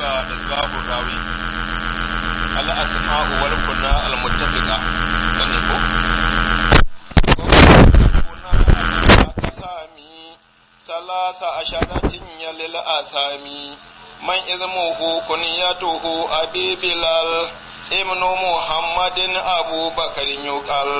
suka da zafin rawi al'asma'u wal kunna al muttafiqa dan ko asami salasa asharatin ya lil asami man izmuhu kunyatuhu abi bilal ibnu muhammadin abubakarin yuqal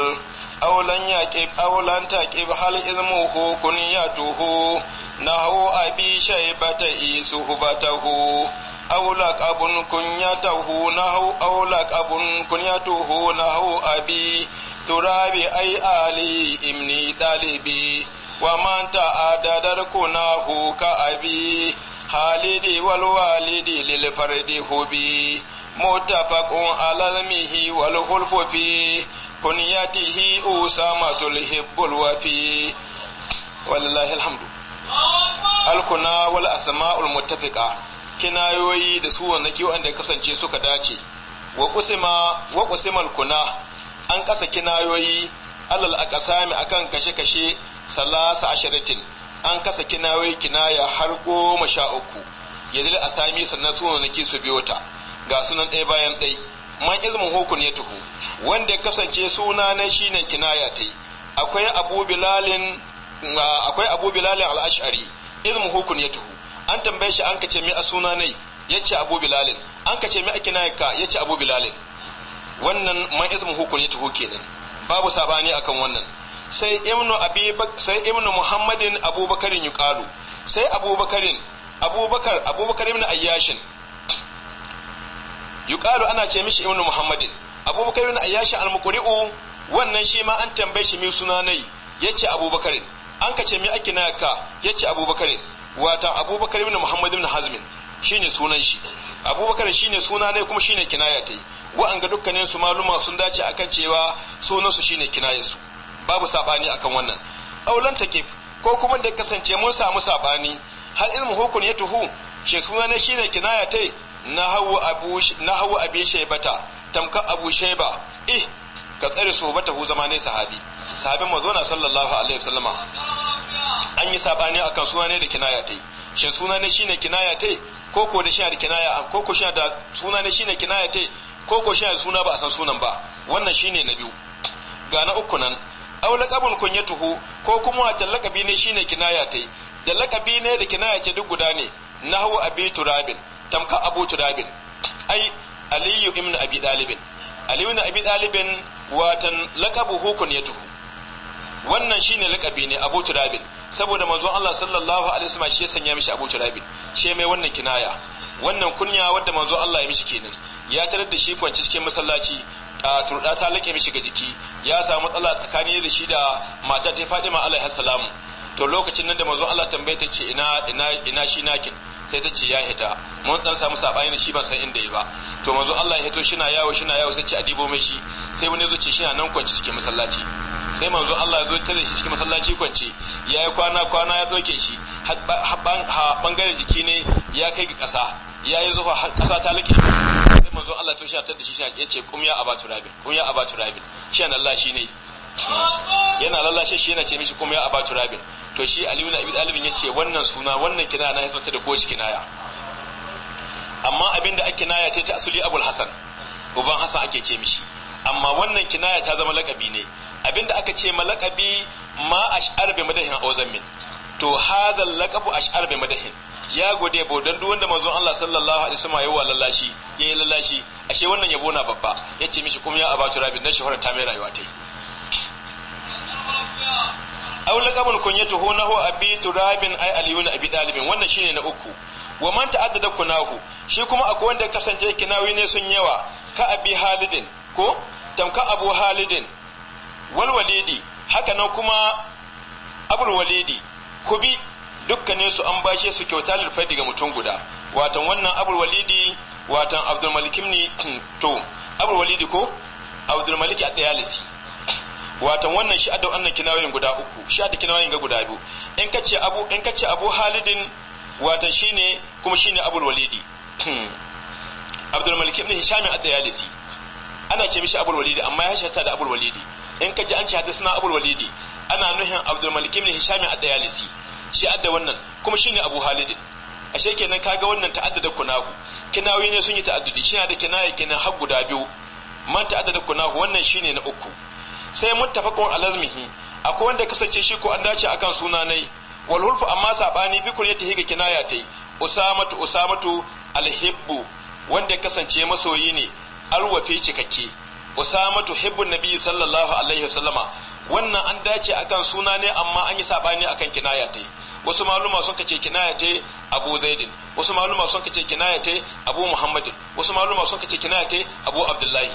aulan yaqib aulan taqib hal izmuhu kunyatuhu nahu abi shaybata isuhu batahu awulak abun kunyata hunahu awulak abun kunyatu hunahu abi turabi ai ali imni dalibi wa man ta'adadar kunahu ka abi halidi wal walidi lil fardi hubi mutafaqun ala mihi wal khulfu fi kunyatihi usamatul hibbul wafi walillahi alhamdu al kunah wal asma'ul muttafiqah kinayoyi da su wannaki wanda kasance suka dace wa kusima wa kusimal kuna an kasa kinayoyi alal aqsami akan kashe kashe salasa asharatin an kasa kinayoyi kinaya har goma sha uku yadda a sami sannan su wannaki su biyo ta ga sunan ɗaya bayan ɗaya man izmin hukun ya tuhu wanda ya kasance suna na shine kinaya ta yi akwai abu bilalin akwai abu bilalin al-ash'ari izmin hukun ya tuhu an tambaye shi an kace mi a suna ne ya ce abu bilalin an kace ce mi a kinayaka ya ce abu bilalin wannan man ismu hukun yatuhu ne babu sabani akan wannan sai imnu abi sai imnu muhammadin abubakarin yuqalu sai abubakarin abubakar abubakar ibn ayyashin yuqalu ana ce mishi imnu muhammadin abubakar ibn ayyashin almuqri'u wannan shi ma an tambaye shi mi suna ne ce abubakarin an ka ake mi ya ce abubakarin wata abubakar ibn muhammad ibn hazmin shine sunan shi abubakar shine suna ne kuma shine kinaya ta yi wa'anga dukkanin su maluma sun dace akan cewa sunan su shine kinaya su babu sabani akan wannan aulan takif ko kuma da kasance mun samu sabani hal ilmu hukun ya tuhu shi suna ne shine kinaya ta na hawu abu na hawu abi shaybata tamka abu shayba eh ka tsare sobata hu zama ne sahabi sahabin mazona sallallahu alaihi wasallama an yi sabani akan suna ne da kinaya ta yi shin suna ne shine kinaya ta yi ko ko da shi da kinaya ko ko shi da suna ne shine kinaya ta yi ko ko shi da suna ba a san sunan ba wannan shine na biyu ga na uku nan kun ya kunyatuhu ko kuma wata lakabi ne shine kinaya ta yi da laqabi ne da kinaya ce duk guda ne nahwu abi turabin tamka abu turabin ai aliyu ibn abi dalibin aliyu ibn abi dalibin watan ya kunyatuhu wannan shine lakabi ne Abu Turabil saboda manzo Allah sallallahu alaihi wasallam shi ya sanya mishi Abu Turabil shi mai wannan kinaya wannan kunya wadda manzo Allah ya mishi kenan ya tarar da shi kwance cikin masallaci a turda ta lake mishi ga jiki ya samu matsala tsakani da shi da matar ta Fadima alaihi salam to lokacin nan da manzo Allah tambaye ta ce ina ina ina shi nakin sai ta ce ya hita mun dan samu sabani da shi ban san inda yi ba to manzo Allah ya hito shina yawo shina yawo sai ce a dibo mai shi sai wani zo ce shina nan kwanci cikin masallaci sai manzo Allah ya zo tare shi cikin masallaci kwanci ya yi kwana kwana ya doke shi ha bangaren jiki ne ya kai ga kasa ya yi zuwa har kasa ta lake sai manzo Allah to shina tada shi shina ya ce kum ya abatu Rabi kum ya abatu rabin shina Allah shi yana lallashe shi yana ce mishi kum ya abatu Rabi. to shi Ali ibn Abi ya yace wannan suna wannan kinaya na hisbanta da kowace kinaya amma abinda ake kinaya ta ta asuli Abul Hasan uban Hasan ake ce mishi amma wannan kinaya ta zama lakabi ne abinda aka ce malakabi ma ash'ar bi madahin awzamin to hadha laqabu ash'ar bi madahin ya gode bo don duk wanda Allah sallallahu alaihi wasallam yayi lallashi yi lallashi ashe wannan yabo na babba yace mishi kuma ya abatu rabin na shahara ta mai rayuwa ta tai aw laqabun kunyatuhu nahu abi turabin ay aliyun abi dalibin wannan shine na uku wa man ta'addada kunahu shi kuma akwai wanda ya kasance kinawi ne sun yawa ka abi halidin ko tamka abu halidin wal walidi haka nan kuma abul walidi kubi dukkanin su an bashe su kyauta lirfadi ga mutum guda watan wannan abul walidi watan abdul malik ibn to abul walidi ko abdul malik at-tayalisi watan wannan shi adda wannan kinawayin guda uku shi adda kinawayin ga guda biyu in kace abu in kace abu halidin watan shine kuma shine abul walidi hmm. abdul malik ibn hisham ad-dayalisi ana ce mishi abul walidi amma ya shata da abul walidi in kaji an ce hadisna abul walidi ana nuhin abdul malik ibn hisham ad-dayalisi shi adda wannan kuma shine abu halidin ashe kenan kaga wannan ta'addada kunahu kinawi ne sun yi ta'addudi shi da kinaya kenan har guda biyu man ta'addada kunahu wannan shine na uku sai muttafaqun alazmihi akwai wanda kasance shi ko an dace akan sunanai wal hulfu amma sabani bi kunyatihi higa kinaya tai usamatu usamatu alhibbu wanda kasance masoyi ne alwafi cikakke usamatu hibbu nabi sallallahu alaihi wasallama wannan an dace akan suna ne amma an yi sabani akan kinaya tai wasu maluma sun kace kinaya tai abu zaidin wasu maluma sun kace kinaya tai abu muhammadin wasu maluma sun kace kinaya tai abu abdullahi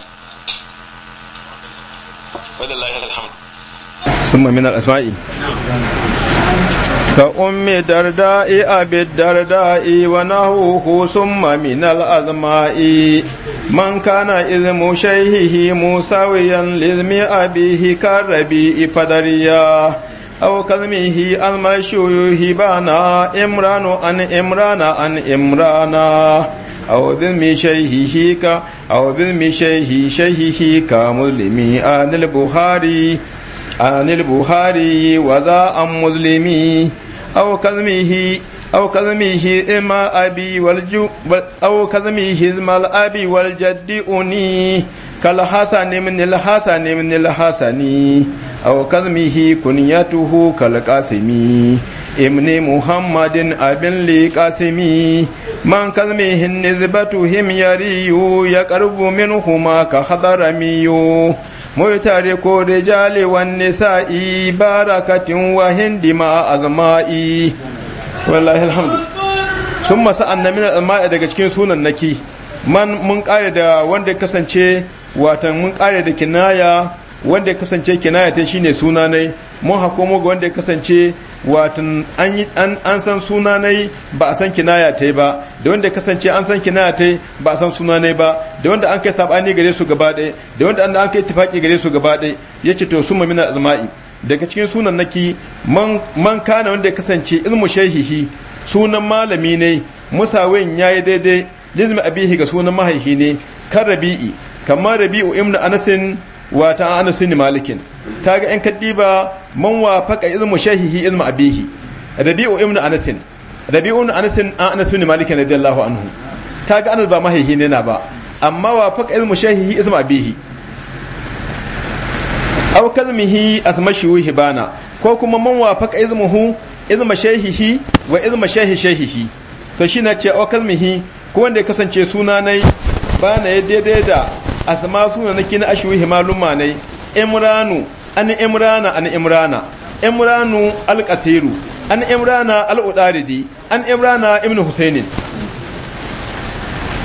Ka ummi dardai abid dardai wa na huhu sunma minar Asma'i. Man kana izmu shaihihi Musa wiyan lizmi abihi karrabi ifadariya. Au kazmihi almashuyuhi bana imranu an imrana an imrana. awabin mi shaihihi ka awabin mi shaihi shaihihi ka muslimi anil buhari anil buhari wa za an muslimi aw kazmihi aw kazmihi imal wal ju aw kazmihi imal abi wal jaddi uni kal hasan min al hasan min al hasani aw kunyatuhu kal ابن محمد أبن لقاسمي من كلمهم نسبتهم يري يقرب منهما كخضرمي مترك الرجال والنساء بركة وهند مع أزمائي والله الحمد ثم سألنا من الماء daga cikin sunan naki man mun kare da wanda ya kasance watan mun kare da kinaya wanda ya kasance kinaya ta shine suna mun hako mu ga wanda ya kasance watan an san suna ba a san kinaya ta yi ba da wanda kasance an san kinaya ta yi ba a san suna ba da wanda an kai sabani gare su gaba ɗaya da wanda an kai ittifaki gare su gaba ɗaya ce to suma mina alma'i daga cikin sunan naki man man kana wanda kasance ilmu shaihihi sunan malami ne musawin yi daidai lizmi abihi ga sunan mahaihi ne kan rabi'i kamar rabi'u ibnu anasin wata anasin malikin ta kaga in kaddiba man wafaqa ilmu shahihi ilmu abihi rabi'u ibn anas rabi'u ibn anasin an anasin anas ibn malik radiyallahu anhu ta ga anas ba mahihi ne na ba amma wafaqa ilmu shahihi ilmu abihi aw kalmihi asmashu hibana ko kuma man wafaqa hu ilmu shahihi wa ilmu shahi shahihi to shi na ce aw kalmihi ko wanda ya kasance sunanai bana ya daidai da asma suna na kina ashuhi maluma ne imranu an imrana an imrana imranu alqasiru an imrana al-udaridi an imrana ibn husainin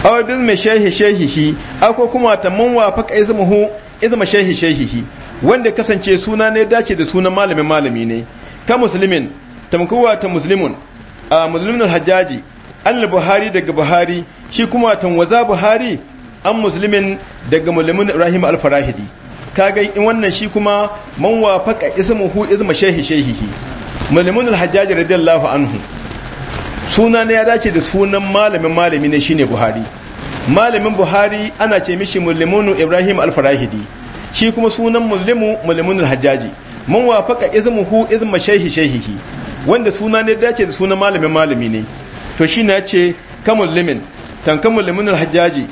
aw bin mai shehi shi akwai kuma tamman wa faka izmuhu izma shehi shi wanda kasance suna ne dace da sunan malamin malami ne ka muslimin tamkuwa ta muslimun a muslimin hajjaji al buhari daga buhari shi kuma tanwaza buhari an muslimin daga mulmin ibrahim alfarahidi. kaga in wannan shi kuma man wafaka ismuhu isma shehi shehihi malamin al-hajjaj radiyallahu anhu suna ne ya dace da sunan malamin malami ne shine buhari malamin buhari ana ce mishi mulmunu ibrahim al-farahidi shi kuma sunan mulmu mulmunul hajjaji man wafaka ismuhu izma shehi shehihi wanda suna ne dace da sunan malamin malami ne to shi na ce kamul limin tankan mulmunul hajjaji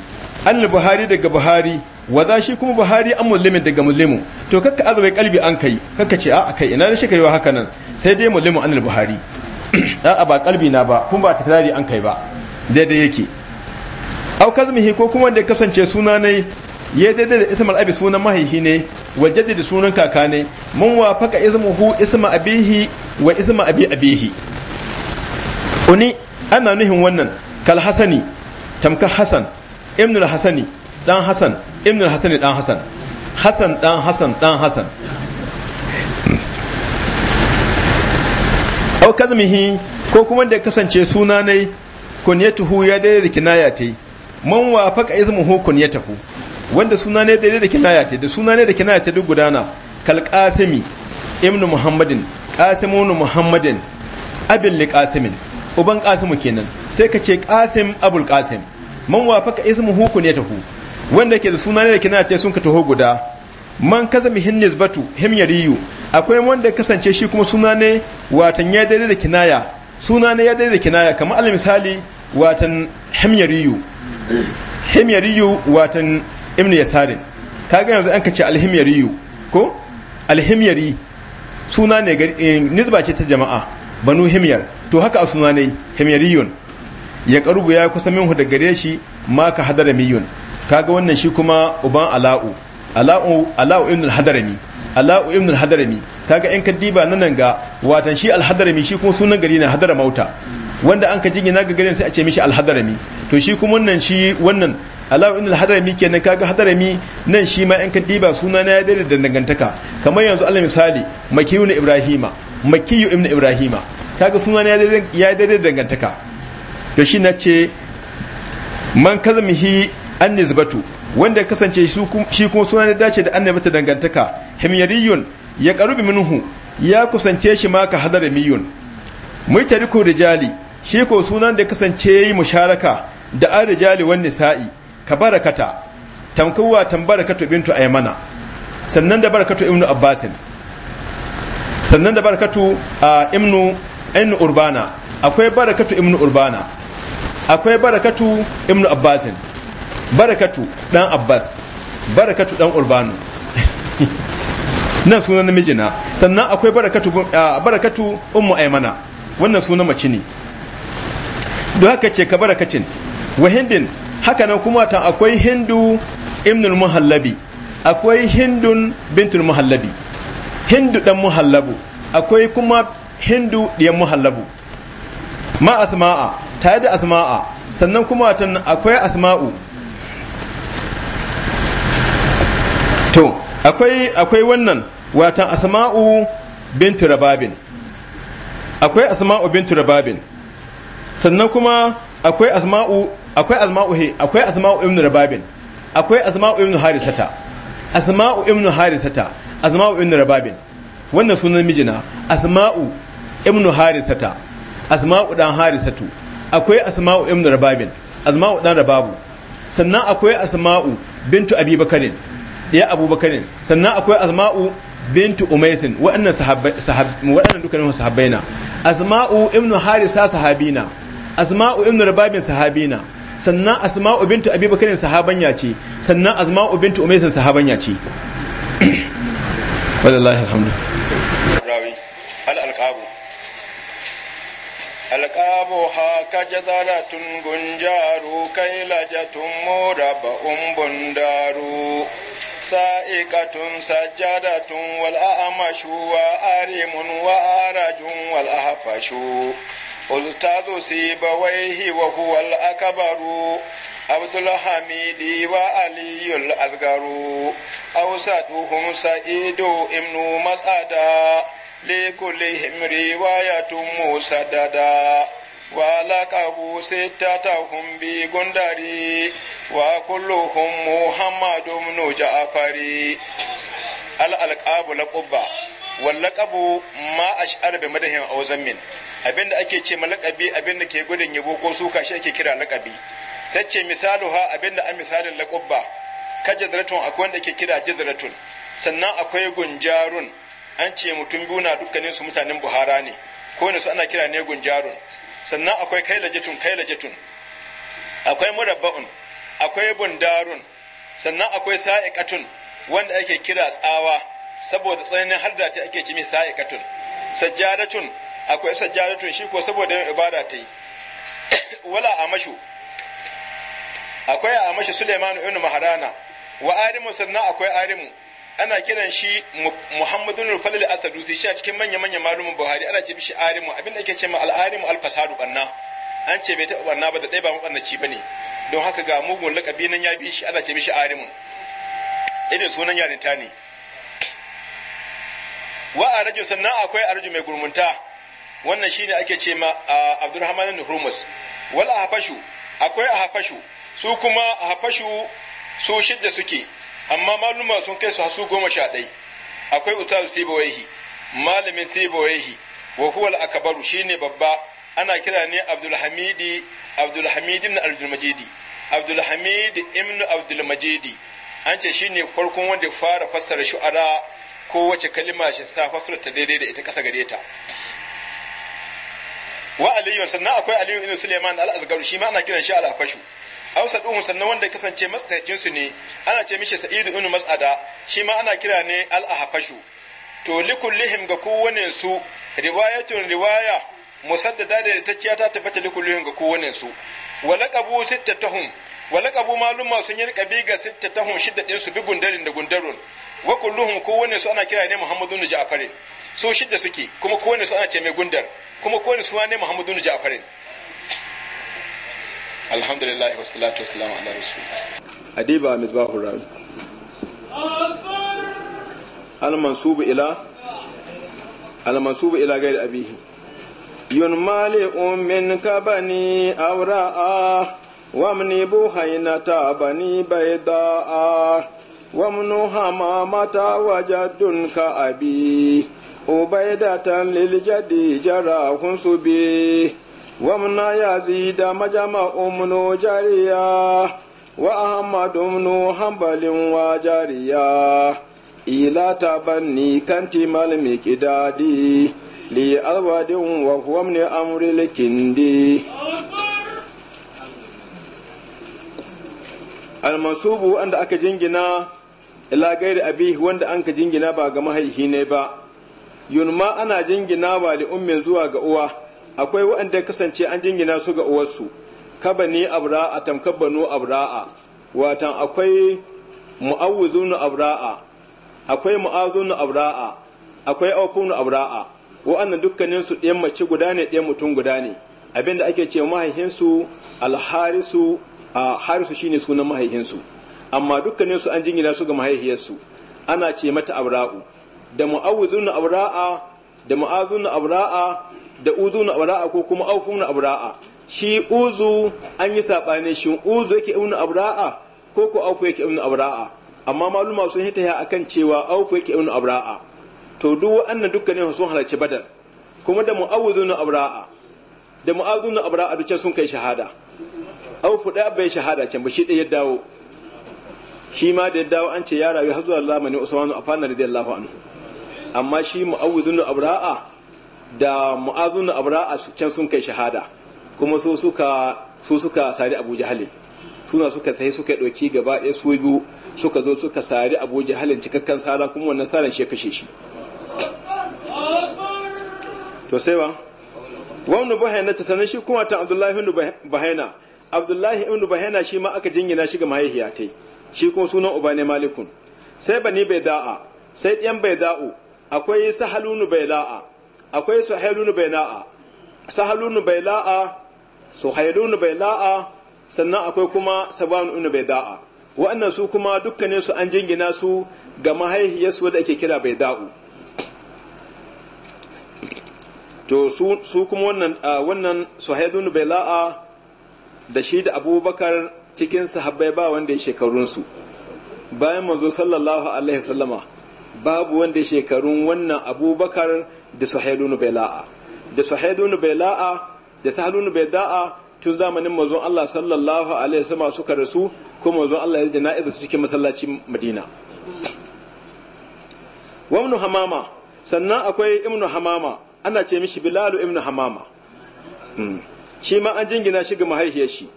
an buhari daga buhari waza shi kuma buhari an mulmin daga mulimu to kakka azabai kalbi an kai kakka ce a kai ina da shi kai wa haka nan sai dai mulimu anil buhari a ba kalbi na ba kuma ba takrari an kai ba daidai yake au kazmihi ko kuma da kasance suna ne ya daidai da ismal abi sunan mahihi ne wa jaddada sunan kaka ne mun wafaka ismuhu isma abihi wa isma abi abihi uni ana nuhin wannan kal hasani tamka hasan ibnul hasani dan hasan ibn hasan dan hasan hasan dan hasan dan hasan au kazmihi ko kuma da kasance suna ne kunyatuhu ya daidai da kinaya ta yi man wafaka ismuhu kunyatuhu wanda suna ne daidai da kinaya ta da suna ne da kinaya ta duk gudana kal qasimi ibn muhammadin qasimun muhammadin abin li qasimin uban qasimu kenan sai ka ce qasim abul qasim man wafaka ismuhu kunyatuhu wanda ke da suna ne da kina ce sun ka taho guda man kaza mihin nisbatu him yariyu akwai wanda kasance shi kuma suna ne watan ya dare da kinaya suna ne ya dare da kinaya kamar al misali watan him yariyu him yariyu watan ibn yasarin kaga yanzu an kace al him yariyu ko him yari suna ne eh, nisba ce ta jama'a banu himyar to haka a suna ne himyariyun ya karubu ya kusa minhu da gare shi ma ka hadara miyun kaga wannan shi kuma uban ala'u ala'u ala'u ibn al-hadarami ala'u ibn al-hadarami kaga in ka diba nan ga watan shi al hadrami shi kuma sunan gari ne hadara mauta wanda an ka jinya ga garin sai a ce mishi al hadrami to shi kuma wannan shi wannan ala'u ibn al-hadarami kenan kaga hadarami nan shi ma in ka diba suna na ya dare da dangantaka kamar yanzu alal misali makiyu ibrahima makiyu ibn ibrahima kaga suna na ya dare da dangantaka to shi na ce man kazmihi annizbatu wanda kasance shi kuma suna da dace da annabi ta dangantaka himyariyun ya karubi minhu ya kusance shi ma ka hadaramiyun mutariku rijali shi ko sunan da kasance yi musharaka da an rijali wan nisa'i ka barakata tamkuwa tambarakatu bintu aymana sannan da barakatu ibnu abbasin sannan da barakatu ibnu ibnu urbana akwai barakatu ibnu urbana akwai barakatu ibnu abbasin barakatu dan abbas barakatu dan urbanu nan sunan namiji na sannan akwai barakatu barakatu ummu aymana wannan sunan mace ne don haka ce ka barakacin wa hindin haka nan kuma ta akwai hindu ibnul muhallabi akwai hindun bintul muhallabi hindu dan muhallabu akwai kuma hindu diyan muhallabu ma asma'a tare da asma'a sannan kuma akwai asma'u to akwai akwai wannan watan asma'u bintu rababin akwai asma'u bintu rababin sannan kuma akwai asma'u akwai asma'u he akwai asma'u ibnu rababin akwai asma'u ibnu harisata asma'u ibnu harisata asma'u ibnu rababin wannan sunan mijina asma'u ibnu harisata asma'u dan harisatu akwai asma'u ibnu rababin asma'u dan rababu sannan akwai asma'u bintu abubakarin ɗaya abubakarin sannan akwai asma'u bintu umaisin waɗannan waɗannan dukkanin sahabbai na asma'u ibnu harisa sahabina asma'u ibnu rababin sahabina sannan asma'u bintu abubakarin sahabanya ce sannan asma'u bintu umaisin sahabanya ce wallahi alhamdu rawi al-alqabu ألقابها كجذرة جنجار كيلجة مربع بندار سائقة سجادة والأأمش وآريم وآرج والأهفش أستاذ سيبويه وهو الأكبر عبد الحميد وعلي الأصغر أوسطهم سعيد ابن مسعدا لكلهم رواية مسددا ولقبوا ستتهم بجندري وكلهم محمد بن جعفر الألقاب لقبة wallakabu ma a sha'ar bai madahin a wazan min abinda ake ce ma lakabi abinda ke gudun yabo ko suka shi ake kira lakabi sai ce misalu ha abinda a misalin lakubba ka jazratun akwai wanda ke kira jizratun sannan akwai gunjarun an ce mutum biyu na dukkanin su mutanen buhara ne ko ne su ana kira ne gunjarun sannan akwai kailajatun kailajatun akwai murabba'un akwai bundarun sannan akwai sa'iqatun wanda ake kira tsawa saboda tsananin da ta ake cimi sa'iqatun sajjadatun akwai sajjadatun shi ko saboda yin ibada ta yi wala amashu akwai amashu Suleiman ibn Maharana wa arimu sannan akwai arimu ana kiran shi Muhammadun rufalil Asadusi shi a cikin manya-manyan malumin Buhari ana ce bishi arimu abin da ake ce ma al-arimu al-fasadu banna an ce bai taɓa banna ba da ɗaya ba mabannaci bane don haka ga mugun lakabi nan ya bi shi ana ce bishi arimu irin sunan yarinta ne wa araju sannan akwai arju mai gurmunta wannan shine ake ce ma Abdulrahman bin Hurmus wal hafashu akwai hafashu su kuma hafashu su shidda suke amma maluma sun kai su hasu goma sha ɗai akwai utal sibawaihi malamin sibawaihi wa huwal akabaru akbaru shine babba ana kira ne abdulhamidi abdulhamid ibn abdulmajidi abdulhamid ibn abdulmajidi an ce shine farkon wanda fara fassara shu'ara ko wace kalima shi sa fassara ta daidai da ita kasa gare ta wa aliyu sannan akwai aliyu ibn sulaiman al-azgaru shi ma ana kiran shi al-afashu ausa duhun sannan wanda ya kasance masakacin su ne ana ce mishi sa'idu ibn mas'ada shi ma ana kira ne al ahfashu to likullihim ga kowane su riwayatun riwaya musaddada da ta ciya ta tabbata likullihim ga kowane su wa laqabu sittatahum wa laqabu maluma sun yi laqabi ga sittatahum shidda din su bi gundarin da gundarun wa kulluhum kowane su ana kira ne ibn ja'far su shidda suke kuma kowane su ana ce mai gundar kuma kowane su ne ibn ja'far alhamdulillah wa salatu wa ala rasulillah adiba misbahur rabi al mansubu ila al mansubu ila ghair abihi yun mali um min kabani awra a wamni buhaynata bani bayda a wamnu hama mata wajadun ka abi ubaidatan lil jadi jara kunsubi wa muna ya zi da majama umunu jariya wa ahamadu umunu wa jariya ila ta banni kanti malmi kidadi li alwadin wa huwa min amri likindi almasubu wanda aka jingina ila gairi abi wanda an ka ba ga mahaihi ne ba yunma ana jingina wa li ummin zuwa ga uwa akwai waɗanda kasance an jingina su ga uwarsu kaba ni abra'a tamkar banu abra'a watan akwai mu'awuzunu abra'a akwai na abra'a akwai aufunu abra'a waɗanda dukkanin su ɗayan mace guda ne ɗayan mutum guda ne abinda ake ce mahaihinsu alharisu a harisu shine sunan mahaihinsu amma dukkanin su an jingina su ga mahaihiyarsu ana ce mata abra'u da mu'awuzunu abra'a da na abra'a da uzu na abra'a ko kuma aufu na abra'a shi uzu an yi sabani shi uzu yake ibnu abra'a ko ko aufu yake ibnu abra'a amma maluma sun hita ya akan cewa aufu yake ibnu abra'a to duk wannan dukkanin sun halarci badar kuma da mu'awudu na abra'a da mu'awudu na abra'a duk sun kai shahada aufu ɗaya bai shahada can ba shi ɗaya dawo shi ma da ya dawo an ce ya rayu har zuwa zamani usmanu afana radiyallahu anhu amma shi mu'awudu na abra'a da mu'azun abu a can sun kai shahada kuma su suka su suka sari abu jahali suna suka tafi suka ɗauki gaba ɗaya su biyu suka zo suka sari abu jahalin cikakken sara kuma wannan saran shi kashe shi to sai ba wani bahaina ta sanar shi kuma ta abdullahi ibn bahaina abdullahi ibn bahaina shi ma aka jingina shi ga mahaihiya shi kuma sunan uba ne malikun sai bani bai da'a sai ɗiyan bai da'u akwai sahalunu bai da'a akwai suhailun bai sahalun baila'a suhailun baila'a sannan akwai kuma sabanun baida'a wa'annan su kuma dukkanin su an jingina su ga su wadda ake kira baida'u to su kuma wannan wannan suhailun baila'a da shi da abubakar cikin sahabbai ba wanda ya su bayan manzo sallallahu alaihi wasallama babu wanda shekarun wannan abubakar da nu baila'a da suhailun baila'a da bai da'a, tun zamanin manzon Allah sallallahu alaihi wasallam suka rasu ko manzon Allah ya jana'iza su cikin masallaci Madina wa ibn hamama sannan akwai ibn hamama ana ce mishi bilalu ibn hamama hmm. shi ma an jingina shi ga mahaifiyar shi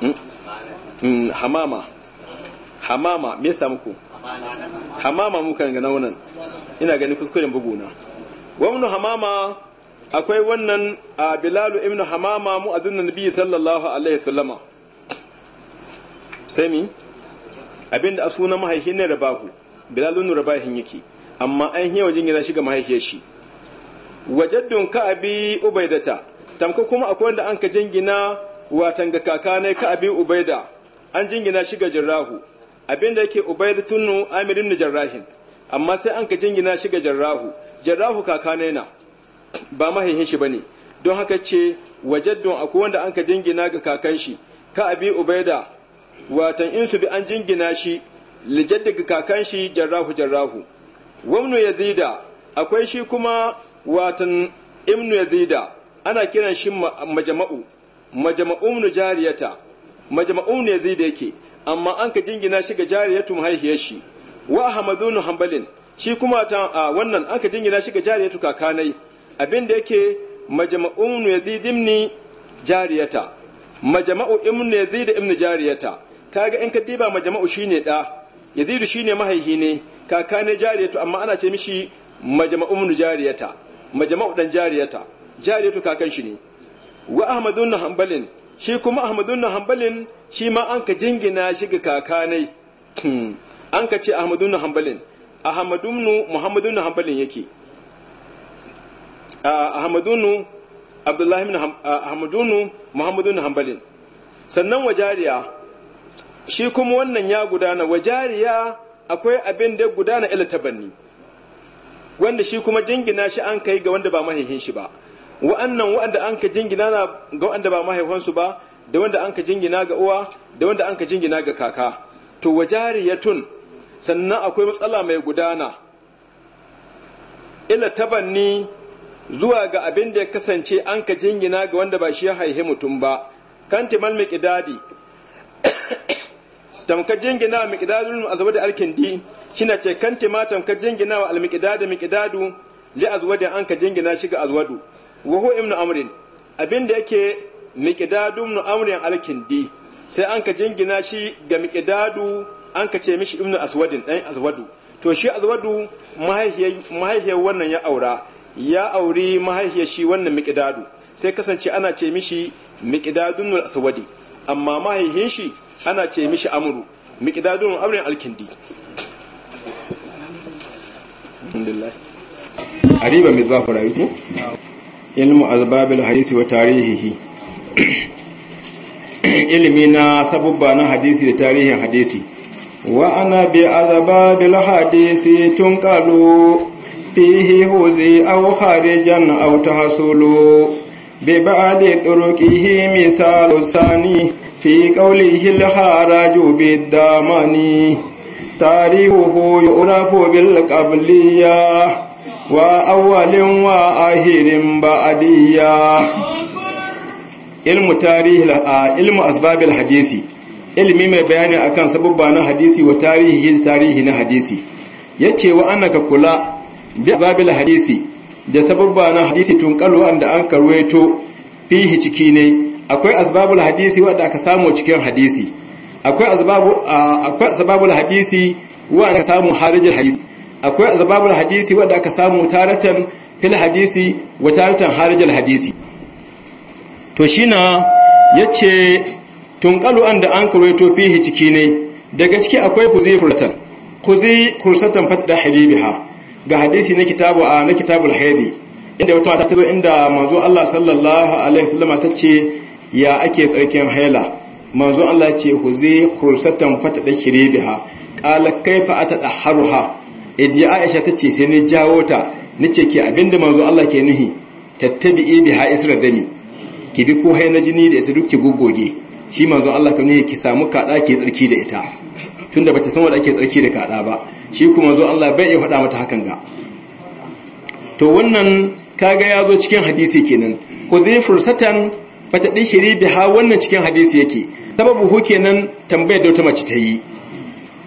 hmm. Hmm, hamama hamama me samu ku hamama muka ga nan ina ganin kuskuren buguna wamnu hamama akwai wannan a bilalu ibnu hamama mu adunan nabi sallallahu alaihi wasallama sai mi abinda asuna sunan mahaihin ne rabahu bilalu nu rabahin yake amma an yi wajen gina shi ga mahaifiyar shi wajaddun ka abi ubaidata tamka kuma akwai wanda an ka jingina watan ga kaka ne ka abi ubaida an jingina shi ga jarrahu abinda yake ubaidatun amirin jarrahin amma sai an ka jingina shi ga jarrahu jarrahu kakane na ba mahaihin shi bane don haka ce wajaddun aku wanda an ka jingina ga kakan shi ka abi ubaida watan in su bi an jingina shi lijadda ga kakan shi jarrahu jarrahu wamnu yazida akwai shi kuma watan imnu yazida ana kiran shi majama'u majama'u nu jariyata majama'u ne da yake amma an ka jingina shi ga jariyatu mahaihiyar shi wa ahmadun hanbalin shi kuma ta a wannan aka jingina shi ga jariyatu kakanai abin da yake majma'un ne zidimni jariyata majma'u ibn yazid ibn jariyata kaga in ka diba majma'u shine da yazidu shine mahaihi ne kakanai jariyatu amma ana ce mishi majma'u ibn jariyata majma'u dan jariyata jariyatu kakan shi ne wa ahmadun hanbalin shi kuma ahmadun hanbalin shi ma an ka jingina shi ga kakanai hmm. an ka ce ahmadu na Hambalin, ahmadu ibn muhammadu yake ah, ahmadu abdullahi ah, ahmadu muhammadu na Hambalin, sannan wajariya shi kuma wannan ya gudana wajariya akwai abin da gudana ila tabanni wanda shi kuma jingina shi an kai ga wanda ba mahaihin shi ba wa'annan wa'anda an ka jingina ga wanda ba mahaifansu ba da wanda an ka jingina ga uwa da wanda an ka jingina ga kaka to tun. sannan akwai matsala mai gudana ila tabanni zuwa ga abin da ya kasance an ka jingina ga wanda ba shi ya haihi mutum ba kan timal miqdadi tamka jingina wa da alkin al shi na ce kan tima tamka jingina wa al-miqdad miqdadu li da an ka jingina shi ga azwadu wa hu ibnu amrin abin da yake miqdadun ibnu amrin alkin kindi sai an ka jingina shi ga miqdadu an ka ce mishi ibnu aswadin dan aswadu to shi aswadu mahaihiyar wannan ya aura ya auri mahaihiyar shi wannan miqdadu sai kasance ana ce mishi miqdadun aswadi amma mahaihin shi ana ce mishi amru miqdadun amrin alkindi alhamdulillah ariba mizbahu rayu ilmu azbabil hadisi wa tarihihi ilimi na sabubba na hadisi da tarihin hadisi وأنا بأذباب الحديث تنقل فيه هزي أو خارجا أو تحصل ببعض طرقه مثال الثاني في قوله الحراج بالدامن تاريخه يعرف بالقبلية وأول وآخر بعدية علم تاريخ علم أسباب الحديث ilimi mai bayani akan sabubba na hadisi wa tarihi tarihi na hadisi ya ce wa annaka kula bi babil hadisi da sabubba na hadisi tun kalu da an to fihi ciki ne akwai asbabul hadisi wanda aka samu cikin hadisi akwai asbabu akwai hadisi wanda aka samu harijil hadisi akwai asbabul hadisi wanda aka samu taratan fil hadisi wa taratan harijil hadisi to shina yace tunkalu an da an karwaito fihi ciki ne daga ciki akwai kuzi furtan kuzi kursatan fatada habibiha ga hadisi na kitabu a na kitabul haidi inda wata ta zo inda manzo Allah sallallahu alaihi wasallam ta ce ya ake tsarkin haila manzo Allah ce kuzi kursatan fatada hiribiha qala kaifa atadahharuha idan Aisha ta ce sai ni jawo ta nace ki abinda manzo Allah ke nuhi tattabi biha isra dami ki bi ko hayna na jini da ita duk ki guggoge shi manzon Allah kamar ne ki samu kada ke tsarki da ita tunda bace san wanda ake tsarki da kada ba shi kuma zuwa Allah bai ya faɗa mata hakan ga to wannan kaga ya zo cikin hadisi kenan ku zai fursatan fata dihiri biha wannan cikin hadisi yake sababu hu kenan tambayar da wata mace ta yi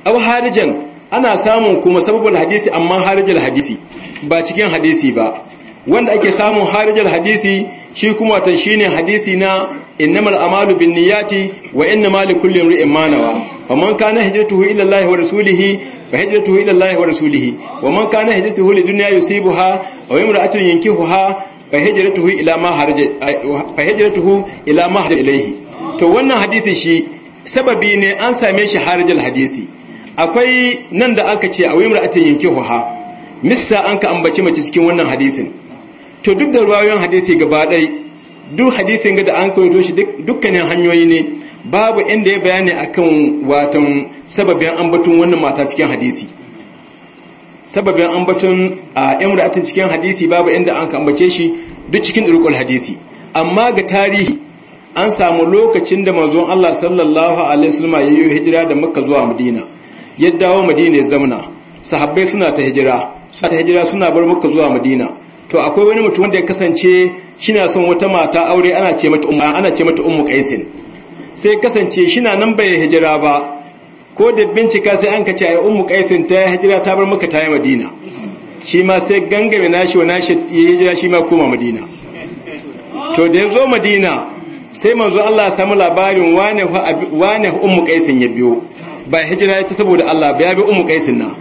aw harijan ana samun kuma sababul hadisi amma harijal hadisi ba cikin hadisi ba wanda ake samun harijal hadisi shi kuma ta ne hadisi na innamal amalu bin niyyati wa innamal likulli imrin ma nawa faman kana hijratuhu ila Allah wa rasulihi fa hijratuhu ila Allah wa rasulihi wa man kana hijratuhu lidunya yusibuha aw imra'atun yankihuha fa hijratuhu ila ma harja fa hijratuhu ila ma harja ilayhi to wannan hadisi shi sababi ne an same shi harjal hadisi akwai nan da aka ce a wimra'atun yankihuha missa an ka ambaci mace cikin wannan hadisin to duk da ruwayoyin hadisi gaba ɗai duk hadisin ga da an kawo shi dukkanin hanyoyi ne babu inda ya bayani akan watan sababin ambaton wannan mata cikin hadisi sababin ambaton a imra'atin cikin hadisi babu inda an ka ambace shi duk cikin durqul hadisi amma ga tarihi an samu lokacin da manzon Allah sallallahu alaihi wasallam ya yi hijira da Makka zuwa Madina ya dawo Madina ya zamna sahabbai suna ta hijira suna ta hijira suna bar Makka zuwa Madina to akwai wani mutum wanda ya kasance shina son wata mata aure ana ce mata ummu ana ce mata ummu qaisin sai kasance shina nan bai hijira ba ko da bincika sai an kace ai ummu qaisin ta hijira ta bar maka ta yi madina shi ma sai gangame nashi wa nashi ya hijira shi ma koma madina to da yazo madina sai manzo Allah ya samu labarin wane wane ummu qaisin ya biyo ba hijira ta saboda Allah ba ya bi ummu qaisin na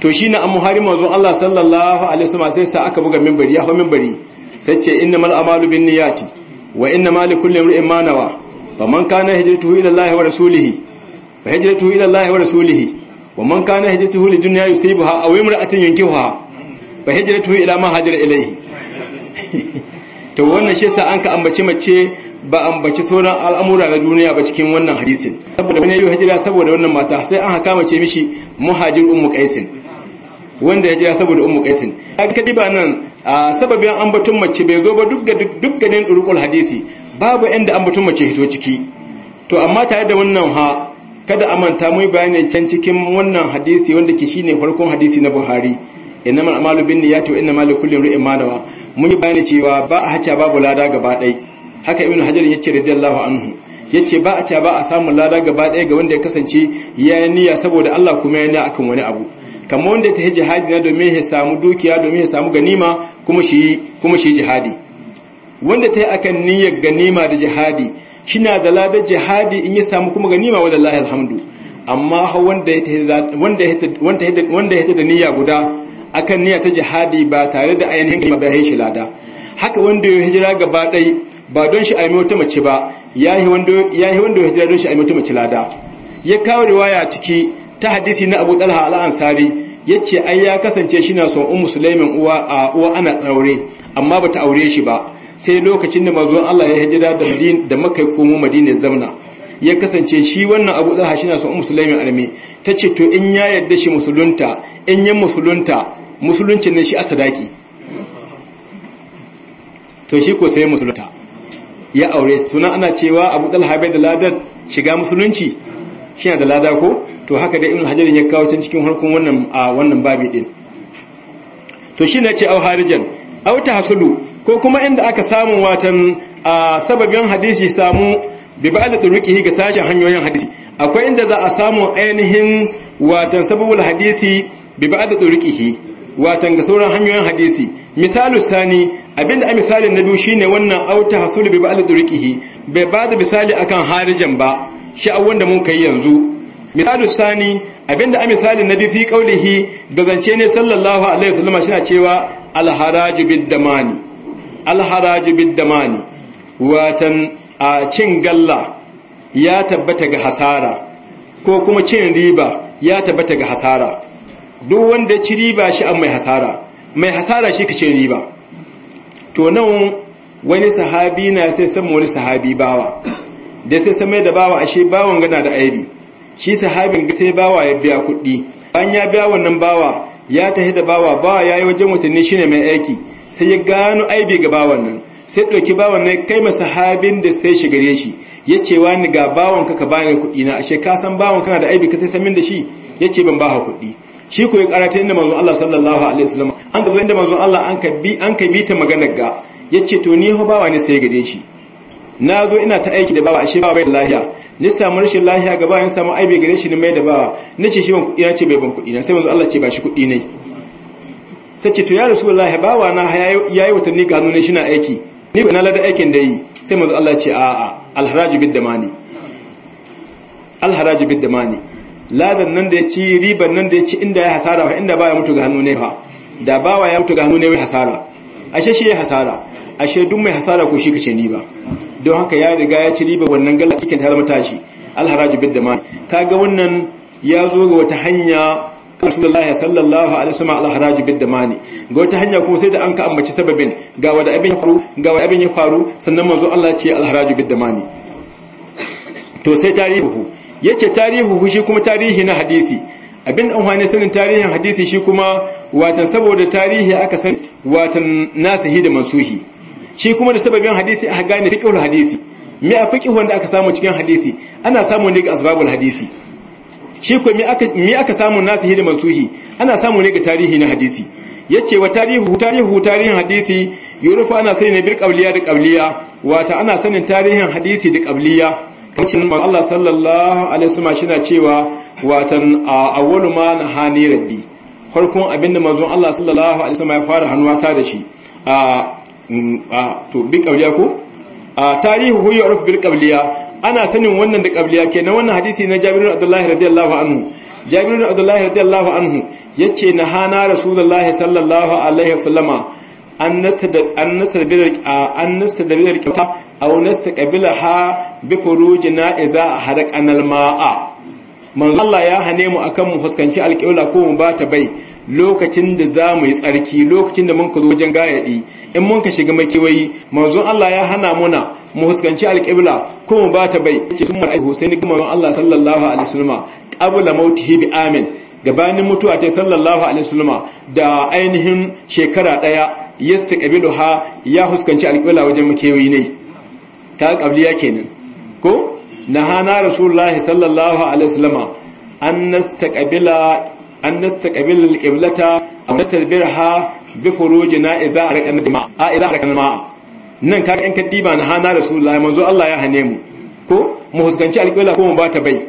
to shi na amma hari manzon Allah sallallahu alaihi wasu sai sa aka buga mimbari ya fa mimbari sai ce innamal amalu bin niyati wa innamal likulli imrin Wa ba man kana hijratuhu ila Allah wa rasulihi ba hijratuhu ila Allah wa rasulihi wa man kana hijratuhu lidunya yusibuha aw imra'atin yankihuha ba hijratuhu ila ma hajara ilayhi to wannan shi sa an ka ambaci mace ba an ambaci sauran al'amura na duniya ba cikin wannan hadisin saboda wani yi hajjira saboda wannan mata sai an haka mace mishi muhajir umu qaisin wanda hijira saboda ummu qaisin kadi ba nan sababin ambaton mace bai zo ba dukkanin urqul hadisi babu inda batun mace hito ciki to amma tare da wannan ha kada amanta mai bayanin can cikin wannan hadisi wanda ke shine farkon hadisi na Buhari mal amalu binniyati wa mal kulli imrin ma dawa mun yi bayani cewa ba a hacha babu lada gaba ɗaya haka ibn hajar yace radiyallahu anhu yace ba a ca ba a samu lada gaba daya ga wanda ya kasance ya yi niyya saboda Allah kuma ya yi akan wani abu kamar wanda ta jihadi na domin ya samu dukiya domin ya samu ganima kuma shi kuma shi jihadi wanda ta yi akan niyya ganima da jihadi shi na da ladar jihadi in ya samu kuma ganima wallahi alhamdu amma wanda ya ta da niyya guda akan niyya ta jihadi ba tare da ainihin ganima ba ya shi lada haka wanda ya hijira gaba ɗaya ba don shi a yi wata mace ba ya yi wanda ya hijira don shi a yi wata mace lada ya kawo riwaya ciki ta hadisi na abu talha al'ansari ya ce ai ya kasance shi na son un musulmin uwa a uwa ana aure amma ba ta aure shi ba sai lokacin da mazuwan allah ya hijira da madina da makai komo madina zamna ya kasance shi wannan abu talha shi na son umu musulmin armi ta ce to in ya yadda shi musulunta in yin musulunta musuluncin ne shi a sadaki to shi ko sai musulunta ya aure ta tunan ana cewa abu talha bai da ladar shiga musulunci shi da lada ko to haka da imin hajar ya kawo can cikin harkun wannan a wannan babi din to shi ne ce au harijan au hasulu ko kuma inda aka samu watan a sababin hadisi samu bi da turuki ga sashen hanyoyin hadisi akwai inda za a samu ainihin watan sababul hadisi bi da turuki watan ga sauran hanyoyin hadisi misalu sani abinda a misalin na biyu shine wannan auta hasulu bi ba'd turqihi bai bada misali akan harijan ba shi a wanda mun kai yanzu misalu sani abinda a misalin na biyu fi qaulihi ga zance ne sallallahu alaihi wasallam shi na cewa al haraju bid damani al haraju bid damani watan a cin galla ya tabbata ga hasara ko kuma cin riba ya tabbata ga hasara duk wanda ci riba shi an mai hasara mai hasara shi ka cin riba to nan wani sahabi na sai sama wani sahabi bawa da sai sama da bawa ashe bawan gana da aibi shi sahabin sai bawa ya biya kuɗi an ya biya wannan bawa ya tafi da bawa bawa ya yi wajen watanni shine mai aiki sai ya gano aibi ga bawan nan sai ɗauki bawan nan kai ma sahabin da sai shi gare shi ya ce wani ga bawan ka ka bani kuɗi na ashe ka san bawan kana da aibi ka sai samin da shi ya ce ban ba kuɗi shi ko ya karata inda manzon Allah sallallahu alaihi wasallam an ga inda manzon Allah an ka bi an ka bi ta maganar ga yace to ni ho bawa ne sai gare shi na zo ina ta aiki da bawa ashe bawa bai lahiya ni samu rashin lahiya ga bayan samu aibe gare shi ni mai da bawa ni ce shi ban kuɗi na ce bai ban kuɗi na sai manzon Allah ce ba shi kuɗi ne sai ce to ya rasulullahi bawa na yayi watanni ga nuna shi na aiki ni ba na lada aikin da yi sai manzon Allah ce a'a alharaju bid damani alharaju bid damani ladan nan da ya ci riban nan da ya ci inda ya hasara fa inda ba ya mutu ga hannu ne fa da bawa ya mutu ga hannu ne wai hasara ashe shi ya hasara ashe duk mai hasara ko shi kace riba don haka ya riga ya ci riba wannan galla cikin ta zama tashi alharaju bid dama kaga wannan ya zo ga wata hanya Rasulullahi sallallahu alaihi wasallam alharaju bid damani ga wata hanya kuma sai da an ka ambaci sababin ga wanda abin ya faru ga wanda abin ya faru sannan manzo Allah ce alharaju bid damani to sai tarihi yace tarihu shi kuma tarihi na hadisi abin an hane sanin tarihin hadisi shi kuma watan saboda tarihi aka san watan nasihi da mansuhi shi kuma da sababin hadisi aka gane fiqhul hadisi me a fiqhu wanda aka samu cikin hadisi ana samu ne ga asbabul hadisi shi ko me aka me aka samu nasihi da mansuhi ana samu ne ga tarihi na hadisi yace wa tarihu tarihu tarihin hadisi yurufa ana sani ne bil qabliya da qabliya wata ana sanin tarihin hadisi da qabliya kacin man Allah sallallahu alaihi wasallam shina cewa watan awwalu ma nahani rabbi farkon abinda manzon Allah sallallahu alaihi wasallam ya fara hannuwa ta da shi a mm, to bi qabliya ko tarihi huwa yurf bil qabliya ana sanin wannan da ke. Na wannan hadisi na Jabir bin Abdullah radiyallahu anhu Jabir bin Abdullah radiyallahu anhu yace nahana rasulullahi sallallahu alaihi wasallama an nastadbirar kyauta a wani kabila ha bi furuji na iza a harak anal ma'a manzo Allah ya hane mu akan mu fuskanci alƙibla ko mu ba ta bai lokacin da za mu yi tsarki lokacin da mun ka zo wajen gayadi in mun ka shiga makiwayi manzo Allah ya hana muna mu fuskanci alƙibla ko mu ba ta bai ce sun mar'ai Husaini ga manzo Allah sallallahu alaihi wasallam qabla mautihi bi amin gabanin mutuwa ta sallallahu alaihi wasallam da ainihin shekara daya ha ya huskanci alqibla wajen makewayi ne ta qabliya kenan ko nahana rasulullahi sallallahu alaihi wasallama an nasta nastaqbila an nastaqbila alqiblata aw nastadbirha bi furujina na arqana dima'a a idza arqana ma'a nan ka in kaddiba nahana rasulullahi manzo Allah ya hane mu ko mu huskanci alqibla ko mu bata bai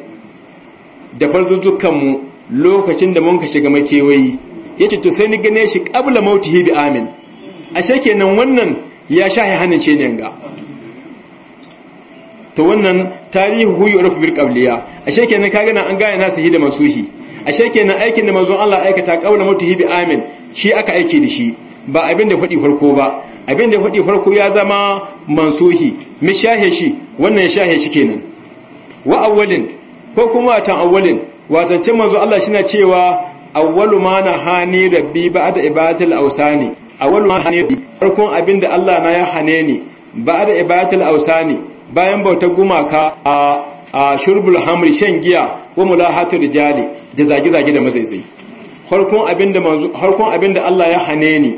da farzuzukan mu lokacin da mun ka shiga makewayi yace to sai ni gane shi qabla mautihi bi amin ashe kenan wannan ya shahi hannun ce ne ga ta wannan tarihi huyu a bil birkabliya ashe kenan ka gana an gaya nasu masu suhi ashe kenan aikin da manzon Allah aikata kaula mutu bi amin shi aka aiki da shi ba abin da fadi farko ba abin da fadi farko ya zama mansuhi mi shahe shi wannan ya shahe shi kenan wa awwalin ko kuma watan awwalin watan cin manzon Allah shi na cewa awwalu ma na hani rabbi ba'da ibadatul awsani awal ma hane bi farkon abin da Allah na ya hane ni ba da ibadatul ausani bayan bauta gumaka a a shurbul hamri shan giya wa mulahatul rijali da zagi zagi da matsayi farkon abin da farkon abin da Allah ya hane ni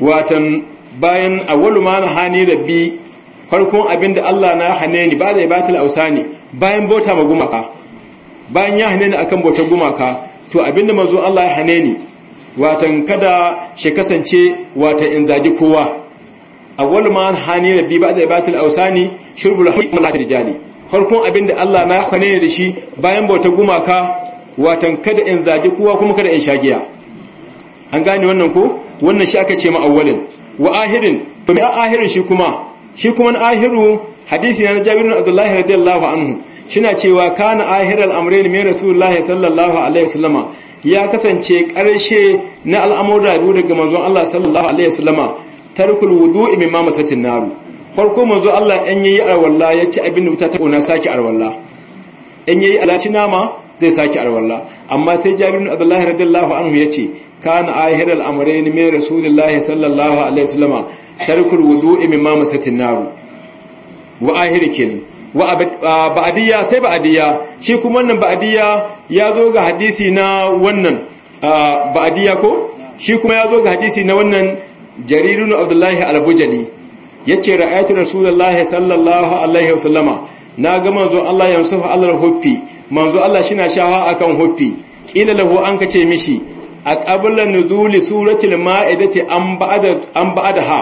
watan bayan awal ma na hane rabbi farkon abin da Allah na hane ni ba da ibadatul ausani bayan bauta ma gumaka bayan ya hane ni akan bautar gumaka to abin da manzo Allah ya hane ni watan kada shi kasance watan in zagi kowa awwal ma hani rabbi ba'da ibatil awsani shurbul hayy malakir harkon abin abinda Allah na kwane da shi bayan bauta gumaka watan kada in zagi kowa kuma kada in shagiya an gane wannan ko wannan shi aka ce ma awwalin wa ahirin to me ahirin shi kuma shi kuma ahiru hadisi na Jabir bin Abdullah radiyallahu anhu shina cewa kana ahiral amrayn min rasulullahi sallallahu alaihi wasallama ya kasance ƙarshe na al'amura biyu daga manzon Allah sallallahu alaihi wasallama tarkul wudu'i mimma masatin naru farko manzo Allah in yayi arwalla ya ci abin da wuta ta kona saki arwalla in yayi alaci nama zai saki arwalla amma sai Jabir bin Abdullah radiyallahu anhu yace kana ahir al-amrayn min rasulillahi sallallahu alaihi wasallama tarkul wudu'i mimma masatin naru wa ahir kenan wa ba'adiyya sai ba'adiyya shi kuma wannan ba'adiyya ya zo ga hadisi na wannan ba'adiyya ko shi kuma ya zo ga hadisi na wannan jaririn abdullahi al-bujali yace ra'aytu rasulullahi sallallahu alaihi wa sallama na ga manzo Allah yamsuhu da huffi manzo Allah shina shawa akan huffi qila lahu an kace mishi a qabla nuzuli suratul ma'idati an ba'ada an ba'ada ha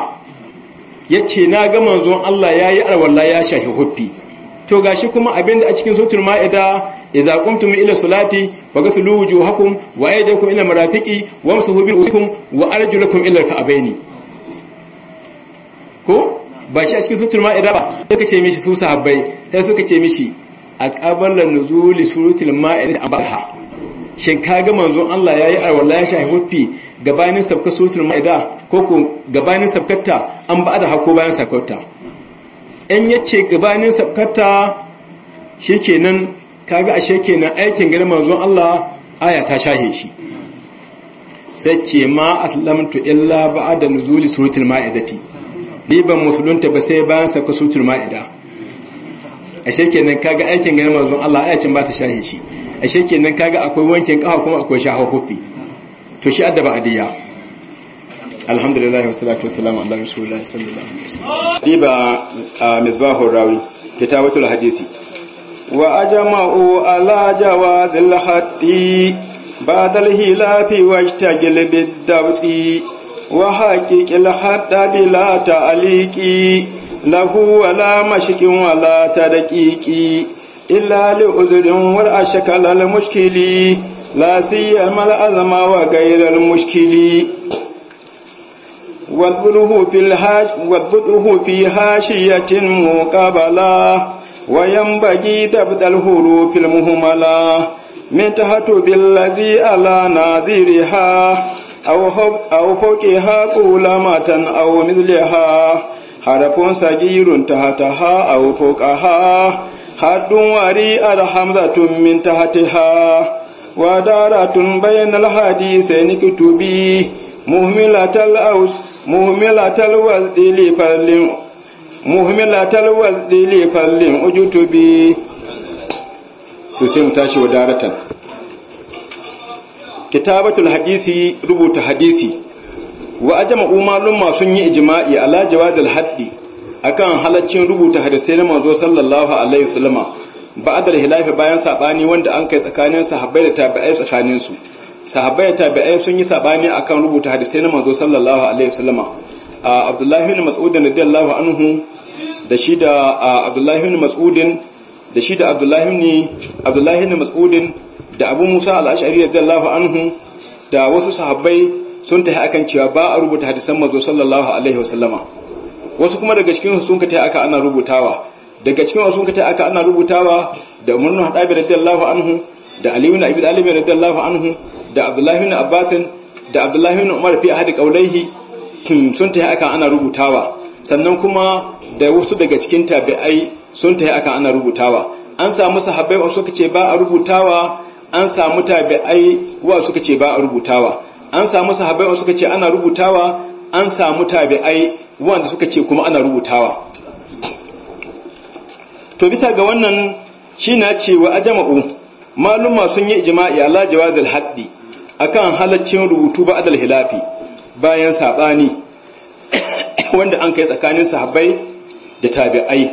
yace na ga manzon Allah yayi alwala ya shahi huffi to gashi kuma abinda a cikin sutur ma'ida idza qumtum ila salati faghsilu wujuhakum wa aydakum ila marafiqi wamsuhu bi usikum wa arjulakum ila al-ka'bayn ko ba shi a cikin sutur ma'ida ba suka ce mishi su sahabbai sai suka ce mishi a qabala nuzuli suratul ma'ida abaha shin kaga manzon Allah yayi ar wallahi shahi wuffi gabanin sabka sutur ma'ida ko ko gabanin sabkatta an ba da hako bayan sabkatta in ya ce gabanin sabkata shi kenan kaga ashe kenan aikin gani manzon Allah aya ta shahe shi sai ce ma aslamtu illa ba'da nuzuli suratul ma'idati ni ban musulunta ba sai bayan sabka suratul ma'ida ashe kenan kaga aikin gani manzon Allah aya cin ba ta shahe shi a ashe kenan kaga akwai wankin kafa kuma akwai shahawa kofi to shi addaba adiya alhamdulillah wa salatu wa salamu ala rasulullah sallallahu alaihi wasallam diba a misbahur rawi kitabatul hadisi wa ajma'u ala jawazil hatti Badal al-hilafi wa ijtagil bid-dawti wa haqiqil hatta bila ta'liqi lahu wa la mashkin wa la tadqiqi illa li udrin wa ashkal al-mushkili la siyama al wa ghayr al-mushkili واضبطه في الهاج واضبطه في هاشية مقابلة وينبغي دبد الحروف المهملة من تحت بالذي على نازرها أو أو فوقها قولمة أو مثلها حرف صغير تحتها أو فوقها حد وري الحمزة من تحتها ودارة بين الحديثين كتبي مهملة الأوجه muhmilata alwazdi li fallin fallin ujutubi to sai mu tashi wadaratan kitabatul hadisi rubuta hadisi wa ajma'u malum sun yi ijma'i ala jawazil haddi akan halaccin rubuta hadisai na manzo sallallahu alaihi wasallama ba'dal hilafi bayan sabani wanda an kai tsakanin sahabbai da tabi'ai tsakanin su sahabbai da tabi'ai sun yi sabani akan rubuta hadisai na manzo sallallahu alaihi wasallama abdullahi bin mas'ud radiyallahu anhu da shi da abdullahi bin mas'ud da shi da abdullahi ibn abdullahi bin mas'ud da abu musa al-ash'ari radiyallahu anhu da wasu sahabbai sun tafi akan cewa ba a rubuta hadisan manzo sallallahu alaihi wasallama wasu kuma daga cikin sun ka tafi aka ana rubutawa daga cikin wasu sun ka tafi aka ana rubutawa da umar ibn hadabi radiyallahu anhu da ali ibn abi talib radiyallahu anhu da abdullahi bin abbasin da abdullahi bin umar fi ahadi qaulaihi sun tahi akan ana rubutawa sannan kuma da wasu daga cikin tabi'ai sun tahi akan ana rubutawa an samu sahabbai wa suka ce ba a rubutawa an samu tabi'ai wa suka ce ba a rubutawa an samu sahabbai wa suka ce ana rubutawa an samu tabi'ai wanda suka ce kuma ana rubutawa to bisa ga wannan shi na cewa ajama'u malumma sun yi ijma'i ala jawazil haddi akan halaccin rubutu ba adal hilafi bayan sabani wanda an kai tsakanin sahabbai da tabi'ai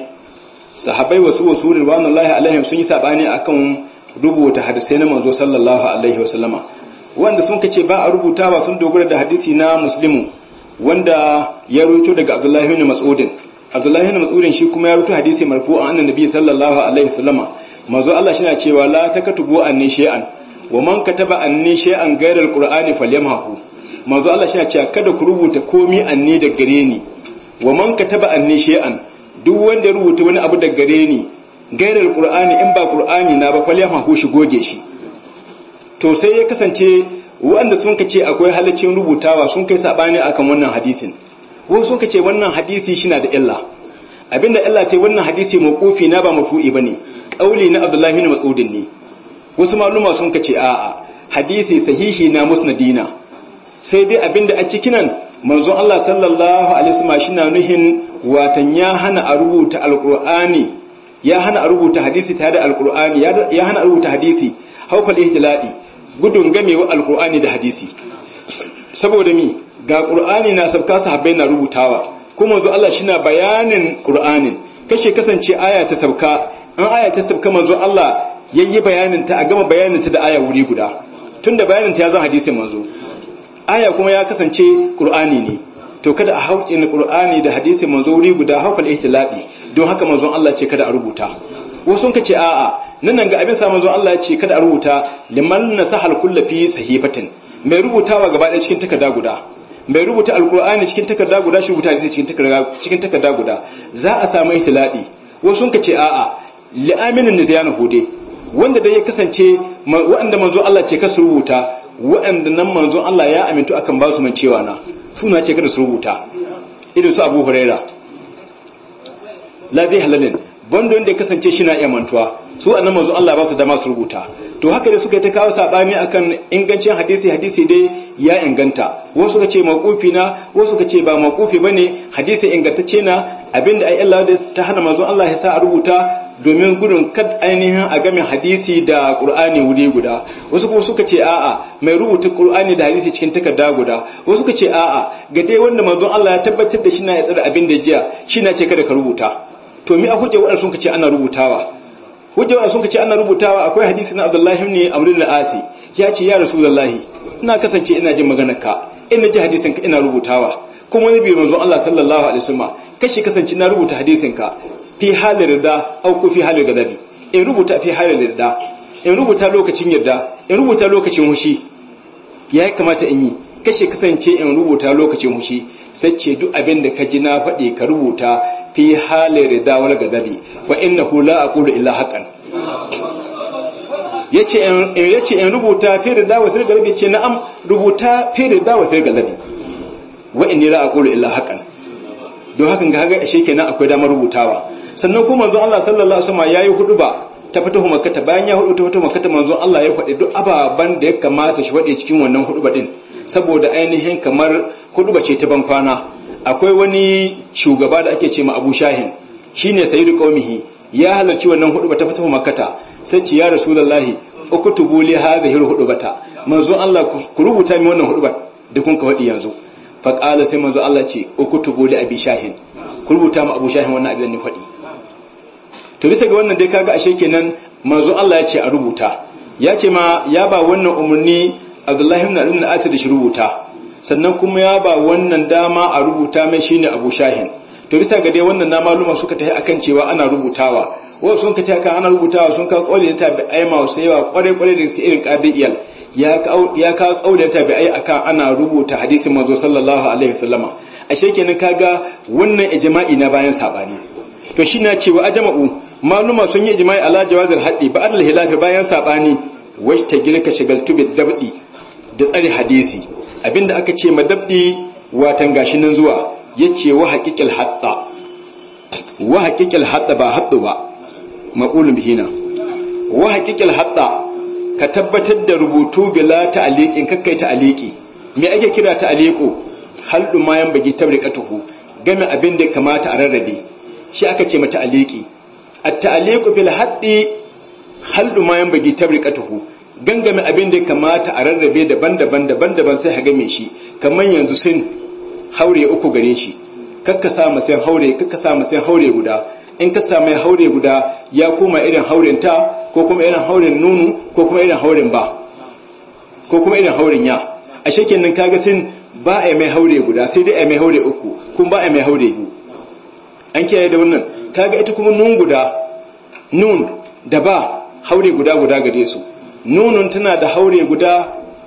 sahabbai wasu wasu ridwanullahi alaihim sun yi sabani akan rubuta hadisi na manzo sallallahu alaihi wasallama wanda sun kace ba a rubuta ba sun dogara da hadisi na muslimu wanda ya rubuto daga abdullahi bin mas'udin abdullahi bin mas'udin shi kuma ya rubuto hadisi marfu'an annabi sallallahu alaihi wasallama manzo Allah shi na cewa la takatubu anni shay'an wa man kataba anni shay'an ghayra alqur'ani falyamhahu manzo Allah shi cewa kada ku rubuta komi anni da gare ni wa man kataba anni shay'an duk wanda ya rubuta wani abu da gare ni ghayra alqur'ani in ba qur'ani na ba falyamhahu shi goge shi to sai ya kasance waɗanda sun ka ce akwai halaccin rubutawa sun kai sabani akan wannan hadisin wai sun ka ce wannan hadisi shi na da illa abinda illa ta wannan hadisi mawqufi na ba mafu'i ne. kauli na Abdullahi ibn Mas'udin ne wasu maluma sun kace a'a hadisi sahihi na musnadina sai dai abinda a cikin nan manzon Allah sallallahu alaihi wasallam shi na nuhin watan ya hana a rubuta alqur'ani ya hana a rubuta hadisi tare da alqur'ani ya hana a rubuta hadisi haufal ihtiladi gudun gamewa alqur'ani da hadisi saboda mi ga qur'ani na sabka sahabbai na rubutawa kuma manzon Allah shi na bayanin qur'anin kashe kasance aya ta sabka an aya ta sabka manzo Allah yayi bayanin ta a gama bayanin ta da aya wuri guda tunda bayanin ta ya zo hadisi manzo aya kuma ya kasance qur'ani ne to kada a hauke na qur'ani da hadisi manzo wuri guda haukal ihtilabi don haka manzo Allah ce kada a rubuta wasu ka ce a'a nan ga abin sa manzo Allah ce kada a rubuta liman nasahal kullu fi sahifatin mai rubutawa gaba ɗaya cikin takarda guda mai rubuta alkur'ani cikin takarda guda shi rubuta cikin takarda cikin takarda guda za a samu ihtilabi wasu sun ka ce a'a li'aminin nisyana hude wanda dai ya kasance waɗanda manzon Allah ce kasu rubuta waɗanda nan manzon Allah ya amintu akan ba su mancewa na suna ce kada su rubuta irin su Abu Huraira zai halalin bando wanda ya kasance shi na iya mantuwa su annan manzon Allah ba su dama su rubuta to haka dai suka yi ta kawo sabani akan ingancin hadisi hadisi dai ya inganta wasu suka ce maqufi na wasu suka ce ba ba bane hadisi ingantacce na abinda ai Allah ta hana manzon Allah ya sa a rubuta domin gudun kad ainihin a game hadisi da qur'ani wuri guda wasu kuma suka ce a'a mai rubuta qur'ani da hadisi cikin takarda guda wasu suka ce a'a ga dai wanda manzon Allah ya tabbatar da shi na ya tsara abin da jiya shi na ce kada ka rubuta to mi a hujja waɗansu sun ce ana rubutawa ce ana rubutawa akwai hadisi na Abdullahi ibn Amr al-Asi ya ce ya Rasulullahi ina kasance ina jin maganarka ina ji hadisin ka ina rubutawa kuma wani bi manzon Allah sallallahu alaihi wasallam kashi kasance na rubuta hadisin ka fi halin rida au ko fi halin gadabi in rubuta fi halin rida in rubuta lokacin yarda in rubuta lokacin hushi ya kamata in yi kashe kasance in rubuta lokacin hushi sai ce duk abin da ka ji na faɗi ka rubuta fi halin rida wal gadabi wa innahu la aqulu illa haqqan yace in yace in rubuta fi rida wa fil gadabi ce na'am rubuta fi rida wa fil gadabi wa inni la aqulu illa haqqan don hakan ga haka ashe kenan akwai damar rubutawa sannan kuma manzon Allah sallallahu alaihi wasallam yayi hudu ba ta fito ta bayan ya hudu ta fito makka manzon Allah ya faɗi duk ababan da ya kamata shi faɗi cikin wannan hudu ba din saboda ainihin kamar hudu ba ce ta ban kwana akwai wani shugaba da ake ce ma Abu Shahin shine sayyidu qaumihi ya halarci wannan hudu ba ta fito makkata sai ci ya rasulullahi ukutubu li hadhihi hudubata manzon Allah ku rubuta mi wannan ba da kun ka faɗi yanzu fa qala sai manzon Allah ce ukutubu li abi shahin ku rubuta ma abu shahin wannan abin da ni faɗi to bisa ga wannan dai kaga ashe kenan manzo Allah ya ce a rubuta ya ce ma ya ba wannan umarni Abdullahi ibn Abdul Asir shi rubuta sannan kuma ya ba wannan dama a rubuta mai shine Abu Shahin to bisa ga dai wannan na maluma suka tafi akan cewa ana rubutawa wa sun ka taka ana rubutawa sun ka kaulin ta bi ma sai yawa kware kware da suke irin qadi'iyal ya ka ya ka kaulin ta bi ai akan ana rubuta hadisin manzo sallallahu alaihi wasallama ashe kenan kaga wannan ijma'i na bayan sabani to shi na cewa ajma'u maluma sun yi jima'i ala jawazil haddi ba adal hilafi bayan sabani wacce ta girka shagaltu bi dabdi da tsari hadisi abinda aka ce madabdi watan gashi nan zuwa yace wa haqiqal hadda wa haqiqal haɗa ba haddu ba maqulun bihina wa haqiqal haɗa ka tabbatar da rubutu bila ta'liqin kakkai ta'liqi me ake kira ta haldu ma yan bagi tabriqatuhu game abinda kamata a rarrabe shi aka ce mata aliki at-ta'liqu fil haddi haldu ma yanbaghi tabriqatuhu gangame abin da kamata a rarrabe daban-daban daban-daban sai ha game shi kamar yanzu sun haure uku gare shi kakka sa mu sai haure kakka sa mu sai haure guda in ka sa mai haure guda ya koma irin hauren ta ko kuma irin hauren nunu ko kuma irin hauren ba ko kuma irin hauren ya a shekin nan kaga sun ba a mai haure guda sai dai a mai haure uku kun ba a mai haure biyu an kiyaye da wannan kaga ita kuma nun guda nun da ba haure guda guda gare su nunun tana da haure guda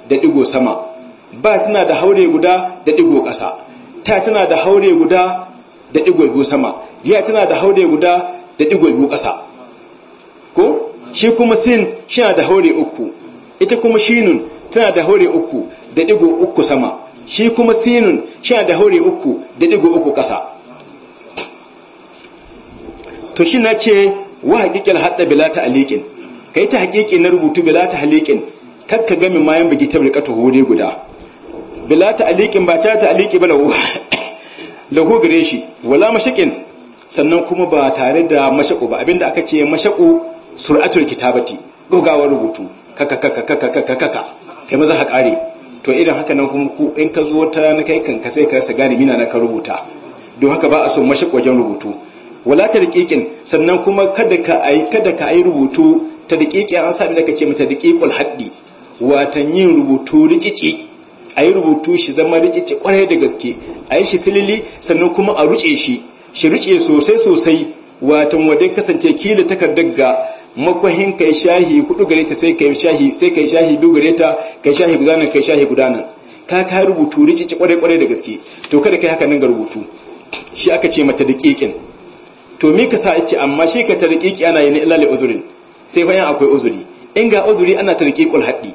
da digo sama ba tana da haure guda da digo ƙasa ta tana da haure guda da digo biyu sama ya tana da haure guda da digo biyu ƙasa ko shi kuma sin shina da haure uku ita kuma shinun tana da haure uku da digo uku sama shi kuma sinun shina da haure uku da digo uku ƙasa to shi na ce wa haƙiƙin haɗa bila ta aliƙin ka yi ta haƙiƙi na rubutu bila ta haliƙin kakka gami mayan bugi ta birka ta hore guda bila ta aliƙin ba ta ta ba lahu gare shi wala mashaƙin sannan kuma ba tare da mashaƙu ba abinda aka ce mashaƙu sur'atul kitabati gogawar rubutu kaka kaka kaka kaka kai maza ha ƙare to irin haka nan kuma ku in ka zo ta na kai kan ka sai ka rasa gani mina na ka rubuta don haka ba a so mashaƙ wajen rubutu wala ta daƙiƙin sannan kuma kada ka ai kada ka ai rubutu ta daƙiƙi an sami da kace mata daƙiƙul haddi watan yin rubutu rikici ai rubutu shi zama rikici kwarai da gaske ai shi silili sannan kuma a ruce shi shi ruce sosai sosai watan wadai kasance kila takardar ga makwahin kai shahi hudu gare ta sai kai shahi sai kai shahi biyu gare ta kai shahi gudanar kai shahi gudanar ka ka rubutu rikici kwarai kwarai da gaske to kada kai haka nan ga rubutu shi aka ce mata daƙiƙin to mi ka sa ce amma shi ka tarqiqi ana yi na ilalai uzurin sai fa akwai uzuri in ga uzuri ana tarqiqul haɗi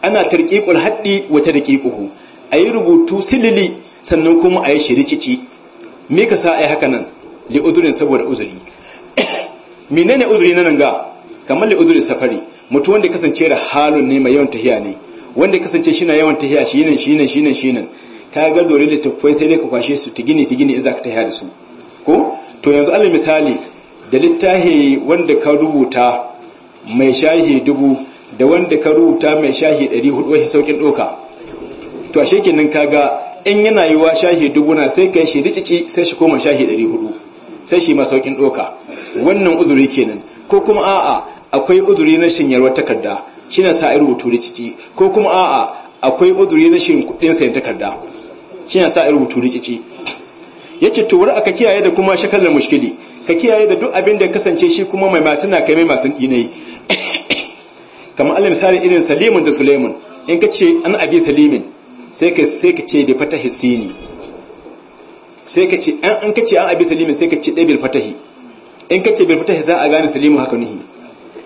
ana tarqiqul haɗi wa a ayi rubutu silili sannan kuma ayi cici mi ka sa ayi haka nan li uzurin saboda uzuri menene uzuri na nan ga kamar li uzurin safari mutum wanda kasance da halun ne mai yawan tahiya ne wanda kasance shi na yawan tahiya shi nan shi nan shi nan shi nan ka ga dori littattafai sai ne ka kwashe su ta ta gini in za ka tahiya da su ko to yanzu alal misali da littafi wanda ka rubuta mai shahi dubu da wanda ka rubuta mai shahi ɗari hudu wahi saukin ɗoka to a shekinin kaga in yana yi wa shahi dubu na sai kai shi ricici sai shi koma shahi ɗari hudu sai shi ma saukin ɗoka wannan uzuri kenan ko kuma a'a akwai uzuri na shinyarwar takarda shi na sa a rubutu rikici ko kuma a'a akwai uzuri na shin kuɗin sayan takarda shi na sa a rubutu rikici ya ce tori aka kiyaye da kuma shakalar mushkili ka kiyaye da duk abin da kasance shi kuma mai masu na kai mai masu dinai kamar Allah misali irin Salimun da Sulaimun in ka ce an abi Salimin sai ka ce bi fatahi sini sai ka ce an ka ce an abi Salimin sai ka ce dabil fatahi in ka ce bil fatahi za a gane Salimu haka nuhi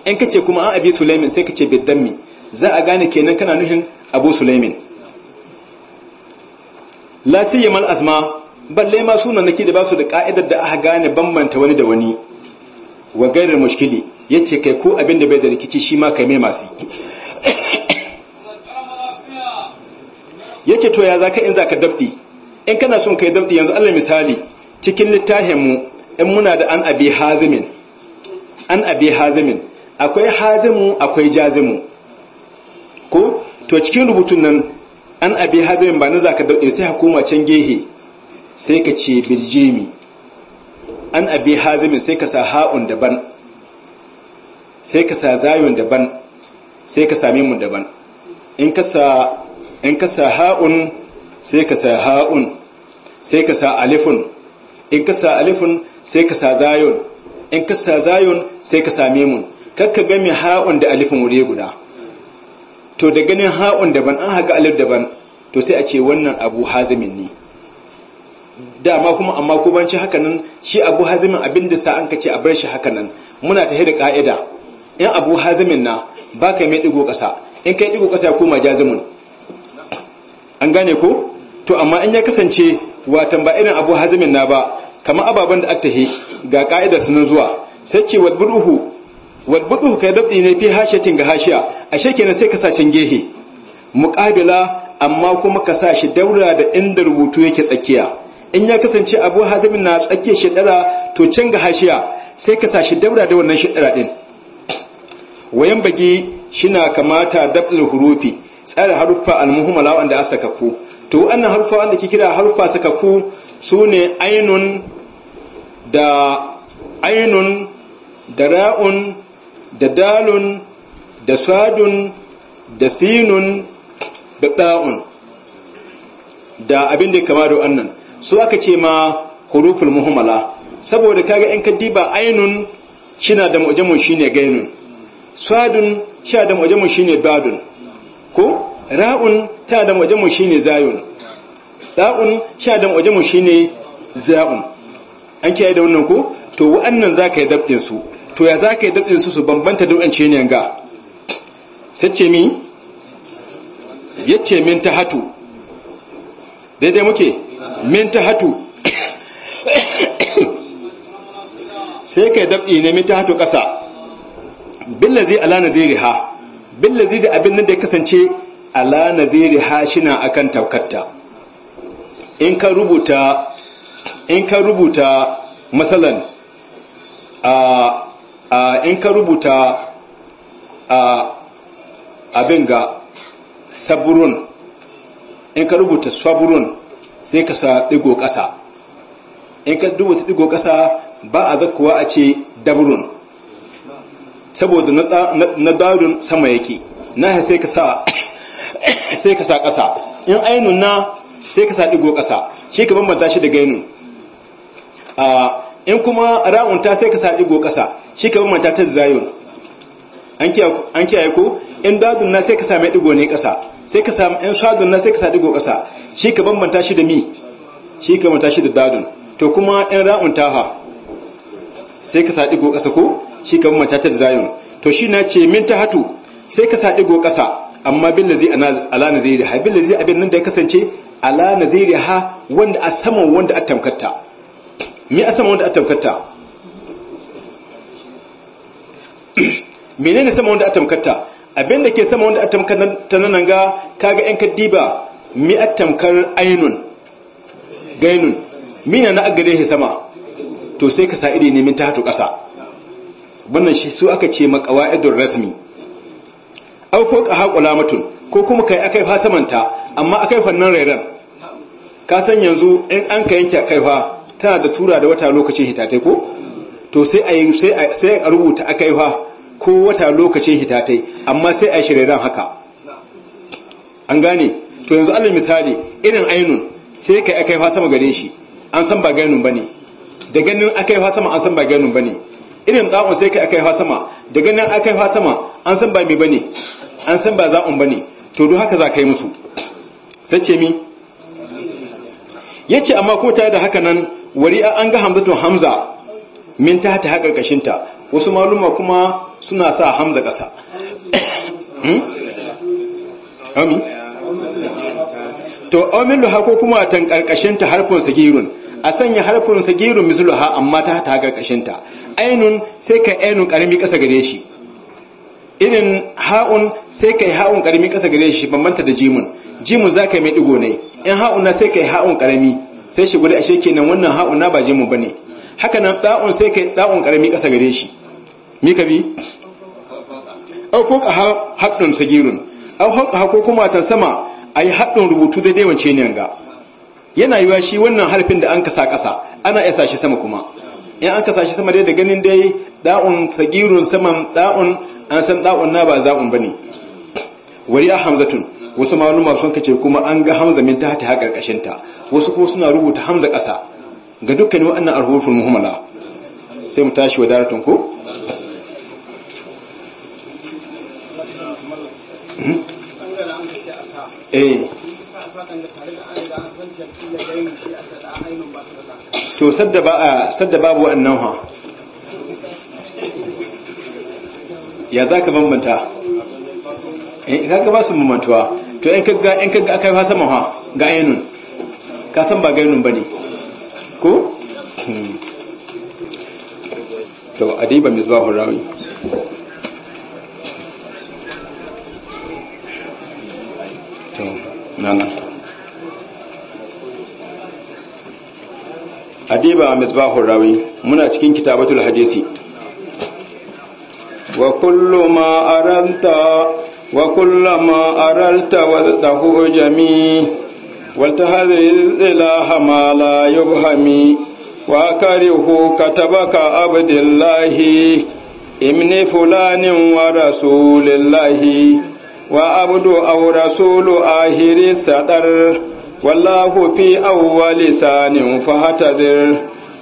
in ka ce kuma an abi Sulaimin sai ka ce bi dammi za a gane kenan kana nuhin Abu Sulaimin la siyamal asma' balle ma sunan nake da basu da ka'idar da aka gane bambanta wani da wani wa gairar mushkili ce kai ko abin da bai da rikici shi ma kai mai masu ce to ya zaka in zaka dabdi in kana son kai dabdi yanzu Allah misali cikin littafin mu in muna da an abi hazimin an abi hazimin akwai hazimu akwai jazimu ko to cikin rubutun nan an abi hazimin ba na zaka dabdi sai hukuma can gehe sai ka ce biljemi an abi hazimin sai ka sa ha'un daban sai ka sa zayun daban sai ka same mu daban in ka sa ha'un sai ka sa ha'un sai ka sa alifun in ka sa alifun sai ka sa zayun in ka sa zayun sai ka same mu kakka gami ha'un da alifun wuri guda to da ganin ha'un daban an haka alif daban to sai a ce wannan abu hazimin ne dama kuma amma ko ci hakanan shi abu hazimin abin da sa an kace a bar shi hakanan muna ta da ka'ida in abu hazimin na ba ka mai digo kasa in kai digo kasa ya koma jazimun an gane ko to amma in ya kasance watan ba irin abu hazimin na ba kamar ababen da aka tahi ga ka'ida sunan zuwa sai ce wadbuduhu wadbuduhu kai dabdi ne fi hashatin ga hashiya ashe ne sai ka can gehe muqabila amma kuma ka sa shi daura da inda rubutu yake tsakiya in ya kasance abu hazimin na tsakiyar shidara to can ga hashiya sai ka sashi daura da wannan shidara din wayan bagi shi na kamata dab'ul hurufi tsara haruffa almuhimmala wanda a saka ku to wannan haruffa wanda ke kira haruffa saka ku ne ainun da ainun da ra'un da dalun da sadun da sinun da ɗa'un da abin da kama da wannan su aka ce ma huruful muhammala saboda kaga in ka diba ainun na da shi ne gainun swadun shina da shi ne badun ko ra'un ta da shi ne zayun da'un shina da shi ne za'un an kiyaye da wannan ko to wa'annan za ka yi dabdin su to ya za ka yi dabdin su su bambanta da wancan ne ga sace ya yace min ta hatu daidai muke min hatu sai kai dab'i ne min hatu ƙasa billazi ala naziriha billazi da abin nan da ya kasance ala naziriha shina akan taukatta in ka rubuta in ka rubuta masalan a in ka rubuta a abin ga saburun in ka rubuta saburun sai ka sa digo ƙasa in ka ta digo ƙasa ba a zakkuwa a ce daburun saboda na daurin sama yake na sai ka sa sai ka sa ƙasa in ainihin na sai ka sa digo ƙasa shi ka bambanta shi da gainu in kuma ra'unta sai ka sa digo ƙasa shi ka bambanta ta zayun an kiyaye ko in dadun na sai ka sa mai digo ne ƙasa sai ka samu in shadun na sai ka sadi go shi ka bambanta shi da mi shi ka bambanta shi da dadun to kuma yan ra'un taha sai ka sadi ƙasa ko shi ka bambanta ta da zayun to shi na ce min ta hatu sai ka sadi ƙasa amma bin zai ala na zai ha bin zai abin nan da ya kasance ala na zai ha wanda a saman wanda a tamkatta mi a saman wanda a tamkatta menene saman wanda a tamkarta abinda ke sama wanda atamkar ta nan ga kaga yan kaddiba mi atamkar ainun gainun mina na agare shi sama to sai ka sa'idi nemin ta hatu ƙasa wannan shi su aka ce maqawaidur rasmi ka fawqa mutum ko kuma kai akai fa samanta amma akai fannan rairan ka san yanzu in an ka yanke akai fa tana da tura da wata lokacin hitatai ko to sai a sai a rubuta akai fa ko wata lokacin hitatai amma sai a shirya haka an gane to yanzu allah misali irin ainun sai kai aka yi sama gare shi an san ba ganin ba ne da ganin aka yi sama an san ba ganin ba ne irin tsawon sai kai aka yi sama da ganin aka yi sama an san ba mai ba ne an san ba za'un ba ne to duk haka za ka yi musu sai ce mi ya ce amma kuma tare da haka nan wari an ga hamzatun hamza min ta ta haƙarƙashinta wasu maluma kuma suna sa hamza ƙasa hmm? amin to amin luha ko kuma tan ta harfin sagirun a sanya harfin sagirun misluha amma ta ta karkashinta ainun sai ka ainun ƙarami ƙasa gare shi irin ha'un sai ka yi ha'un ƙarami ƙasa gare shi bambanta da jimun jimun za ka mai digo ne in ha'un na sai ka yi ha'un ƙarami, sai shi guda ashe kenan wannan ha'un na ba jimun ba ne haka nan ɗa'un sai ka yi ɗa'un ƙarami ƙasa gare shi mi ka bi au ko ka haɗin sagirun au haka ko kuma ta sama a yi haɗin rubutu da wance ne ga yana yiwa shi wannan harfin da an kasa ƙasa ana iya sashi sama kuma in an kasa sama dai da ganin dai da'un sagirun saman da'un an san da'un na ba za'un bane wari a hamzatun wasu masu sun kace kuma an ga hamza min ta ha karkashin ta wasu ko suna rubuta hamza ƙasa ga dukkanin wannan arhuful muhammala sai mu tashi wadaratun ko eh to sadda ba a sadda babu wannan ha ya za ka bambanta eh, ka ga ba su bambantuwa to in ka ga in ka ga aka fasa ha ga ainun ka san ba gainun bane ko hmm. to adiba misbahur rawi nan adiba misbahur rawi muna cikin kitabatul hadisi wa kullu ma aranta wa kullu ma aralta wa dahu jami wal tahadhir ilaha la yubhami wa karihu katabaka abdillahi imni fulanin wa rasulillahi wa abu do au rasuluhu a hirar sadar. wala kofi auwa lissanin fatan zai.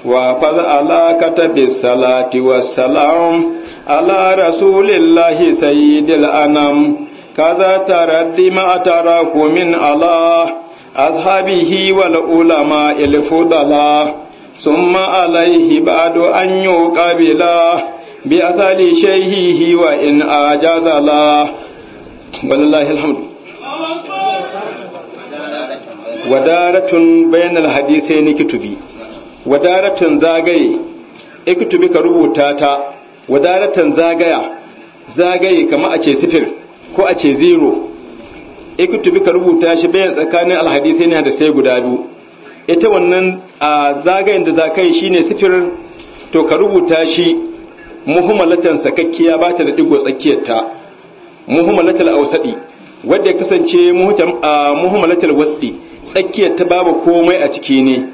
wa fal alaka ta salati wa salam. ala rasulillah sa'idu anan. kaza ta radzima a tara min ala. a zabi hiwal ula ma a ila fu dala. sun muna alai hiɓa do anyo ƙabila. biya sani shai hiwa in ajazala walillahi alhamdu wadaratun bayanar hadisai ni kitubi wadaratun zagaye ikitubi ka rubuta ta wadaratan zagaya zagaye kama a ce sifir ko a ce zero ikitubi ka rubuta shi bayan tsakanin alhadisai ne da sai guda biyu ita wannan a zagayen da za ka yi shine sifir to ka rubuta shi muhimmalatan sakakkiya ba ta da digo ta. muhimmalatul ausaɗi wadda ya kasance muhimmalatul wasdi tsakiyar ta babu komai a ciki ne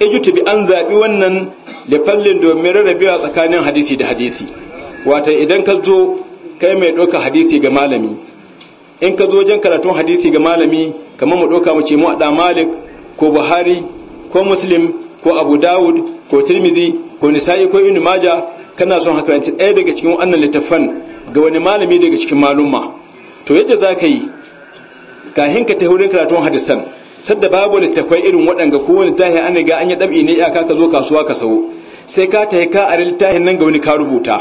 ijutu bi an zaɓi wannan da fallin domin rarrabewa tsakanin hadisi da hadisi wata idan ka zo kai mai ɗauka hadisi ga malami in ka zo wajen karatun hadisi ga malami kamar mu ɗauka mu ce mu a malik ko buhari ko muslim ko abu dawud ko tirmizi ko nisa'i ko ibn maja kana son hakaranci ɗaya daga cikin wannan littafan ga wani malami daga cikin malumma to yadda za ka yi ga ka ta wurin karatun hadisan sadda babu littafai irin waɗanga ko wani tahi an ga an yi ɗabi ne iyaka ka zo kasuwa ka sawo sai ka tahi ka ari littafin nan ga wani ka rubuta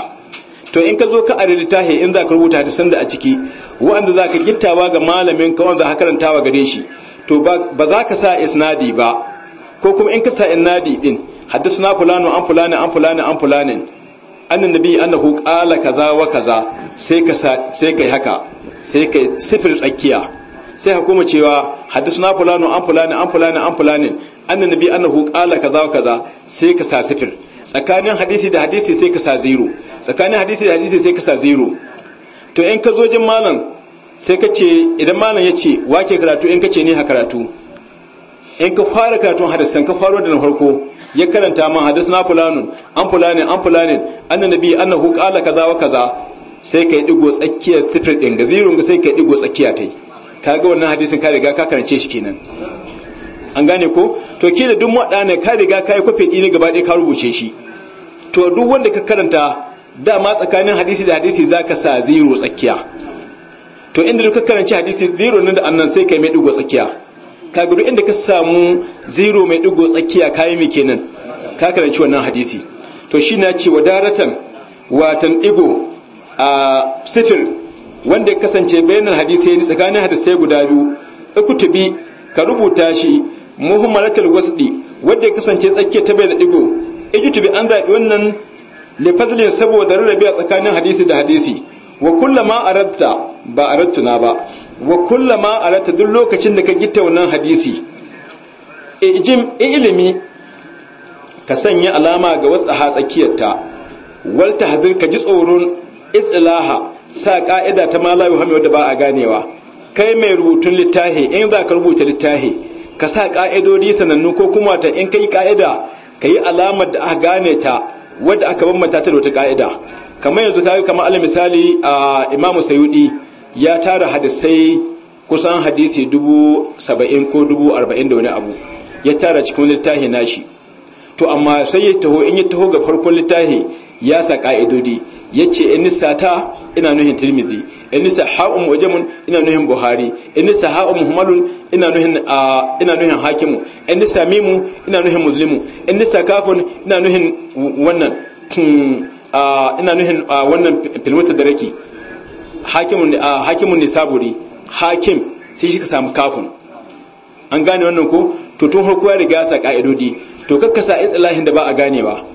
to in ka zo ka ari littafi in za ka rubuta hadisan da a ciki wanda za ka gittawa ga malamin ka wanda ka karantawa gare shi to ba za ka sa isnadi ba ko kuma in ka sa isnadi din haddasa fulano an fulani an fulani an fulani annan nabi annahu qala kaza wa kaza sai ka sai kai haka sai kai sifir tsakiya sai hukuma cewa hadisuna fulano an fulani an fulani an fulani annan nabi annahu qala kaza wa kaza sai ka sa sifir tsakanin hadisi da hadisi sai ka sa zero tsakanin hadisi da hadisi sai ka sa zero to in ka zo jin malam sai ka ce idan malam ya ce wake karatu in ka ce ne ha karatu in ka fara karatun hadisan ka faro da na farko ya karanta man hadisna fulanun an fulanin an fulanin annabi annahu qala kaza wa kaza sai kai digo tsakiyar sifir din ga sai kai digo tsakiya tai kaga wannan hadisin ka riga ka karance shi kenan an gane ko to ke da duk ne ka riga ka yi din gaba ɗaya ka rubuce shi to duk wanda ka karanta dama tsakanin hadisi da hadisi za ka sa zero tsakiya to inda duk ka karanci hadisi zero nan da annan sai ka mai ɗigo tsakiya ka gudu inda ka samu zero mai digo tsakiya kayi mai kenan ka karanci wannan hadisi to shi na ce wa daratan watan digo a sifir wanda ya kasance bayanan hadisi ne tsakanin hadisai guda biyu ukutubi ka rubuta shi muhimmanatar wasdi wanda ya kasance tsakiya ta bai da digo ijtubi an zaɓi wannan lefazilin saboda rarrabe a tsakanin hadisi da hadisi wa kullama aradta ba aradtuna ba wa kullama alata duk lokacin da ka gita wannan hadisi ijim ilimi ka sanya alama ga wasu ha tsakiyarta wal tahzir ka ji tsoron islaha sa ka'ida ta ma la yuhammi da ba a ganewa kai mai rubutun littafi in za ka rubuta littafi ka sa ka'idodi sanannu ko kuma ta in kai ka'ida ka yi alamar da aka gane ta wadda aka bambanta ta da wata ka'ida kamar yanzu ta yi kamar alal misali a imamu sayudi ya tara hadisai kusan hadisi dubu saba'in ko dubu arba'in da wani abu ya tara cikin littafi nashi to amma sai ya taho in ya taho ga farkon littafi ya sa ka'idodi ya ce in nisa ta ina nuhin tirmizi in nisa ha'un mujamun ina nuhin buhari in nisa ha'un muhammadun ina nuhin ina nuhin hakimu in nisa mimu ina nuhin muslimu in nisa kafin ina nuhin wannan hmm, ina nuhin wannan filmuta da raki hakimun ne saburi hakim sai shi ka samu kafin an gane wannan ko to tun farko ya riga sa ka'idodi to kakkasa itsilahin da ba a ganewa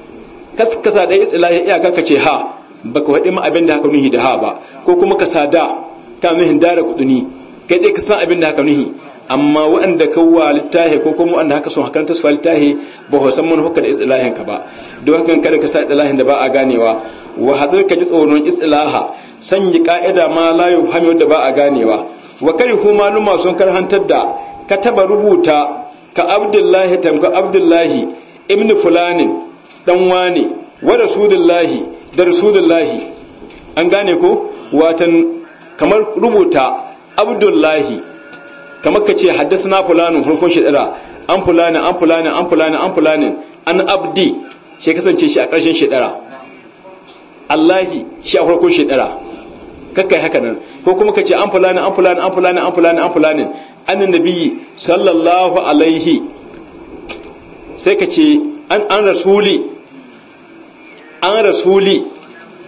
kakkasa ɗaya itsilahin iyaka ka ce ha baka faɗi ma abin da haka nuhi da ha ba ko kuma ka sa da ta nuhin da da kuduni kai dai ka san abin da haka nuhi amma waɗanda ka wa littahi ko kuma waɗanda haka sun hakan su littahi ba ho san mun hukka da itsilahin ka ba don haka kada ka sa itsilahin da ba a ganewa wa hazar ka ji tsoron itsilaha sanya ka'ida ma la yuhamu da ba a ganewa wa karihu maluma sun karhantar da ka taba rubuta ka abdullahi tamka abdullahi ibnu fulanin dan wani wa rasulullahi da rasulullahi an gane ko watan kamar rubuta abdullahi kamar ka ce haddasa fulanin shi dira an fulanin an fulanin an fulanin an fulanin an abdi shi kasance shi a ƙarshen dira allahi shi a farkon shidira kakkai haka nan ko kuma ka ce an fulani an fulani an fulani an fulani an fulani annan nabiyyi sallallahu alaihi sai ka ce an rasuli an rasuli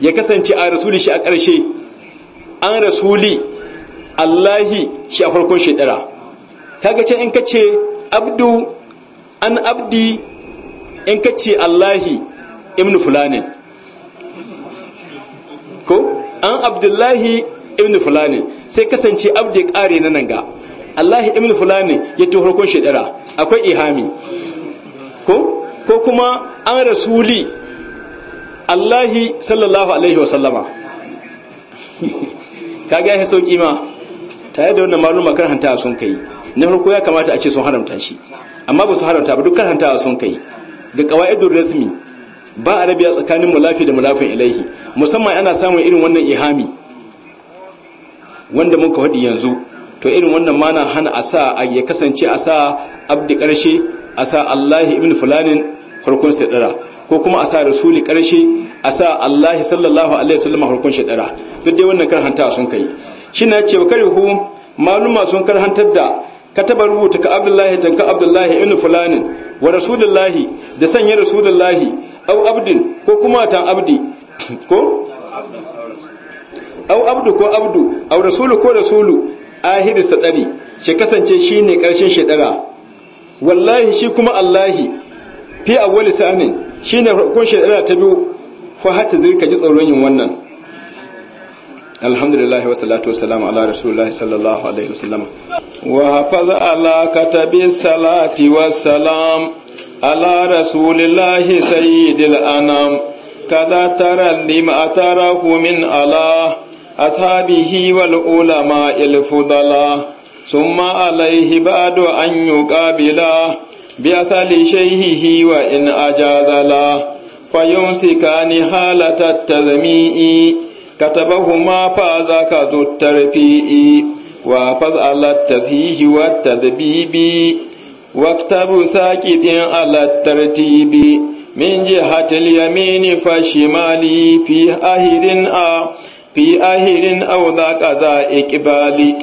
ya kasance a rasuli shi a ƙarshe an rasuli allahi shi a farkon shekara kaga ce in ka ce abdu an abdi in ka ce allahi ibn fulanin ko an abdullahi ibn fulani sai kasance abdi ƙari na nan ga allahi ibn fulani ya to harkon shidira akwai ihami ko ko kuma an rasuli allahi sallallahu alaihi wa sallama gaya ya sauki ma tare da wannan hanta a sun kai na harko ya kamata a ce sun haramta shi amma ba su haramta ba duk a sun kai ga qawaidul rasmi ba arabiya tsakanin mulafi da mulafin ilaihi musamman ana samun irin wannan ihami wanda muka haɗi yanzu to irin wannan mana hana a sa a ya kasance a sa abdi ƙarshe a sa allahi ibn fulanin harkun shaɗara ko kuma a sa rasuli ƙarshe a sa allahi sallallahu alaihi wasallam harkun shaɗara duk dai wannan karhanta sun kai shi na cewa bakar hu maluma sun karhantar da taɓa rubuta ka abdullahi tanka abdullahi ibn fulanin wa rasulullahi da sanya rasulullahi au abdin ko kuma tan abdi ko au abdu ko abdu au rasulu ko rasulu ahiru sadari shi kasance shi ne ƙarshen shekara wallahi shi kuma allahi fi awwali sa'anin shi ne farkon shekara ta biyu fa hata zirka ji tsoron yin wannan alhamdulillah wa salatu wa salam ala rasulullah sallallahu alaihi wasallam wa hafaza ala katabi salati wa salam ala rasulillah sayyidil anam كذا ترى لما تراه من الله أصحابه والعلماء الفضلاء ثم عليه بعد أن يقابلا بأصل شيهه وإن أجازلا فيمسكان حالة التزميء كتبهما فذاك ذو الترفيء وحفظ على التصحيح والتذبيب واكتب ساكت على الترتيب min من جهة اليمين فشمالي في أهر آ في أهر أو ذاك ذا إقبالي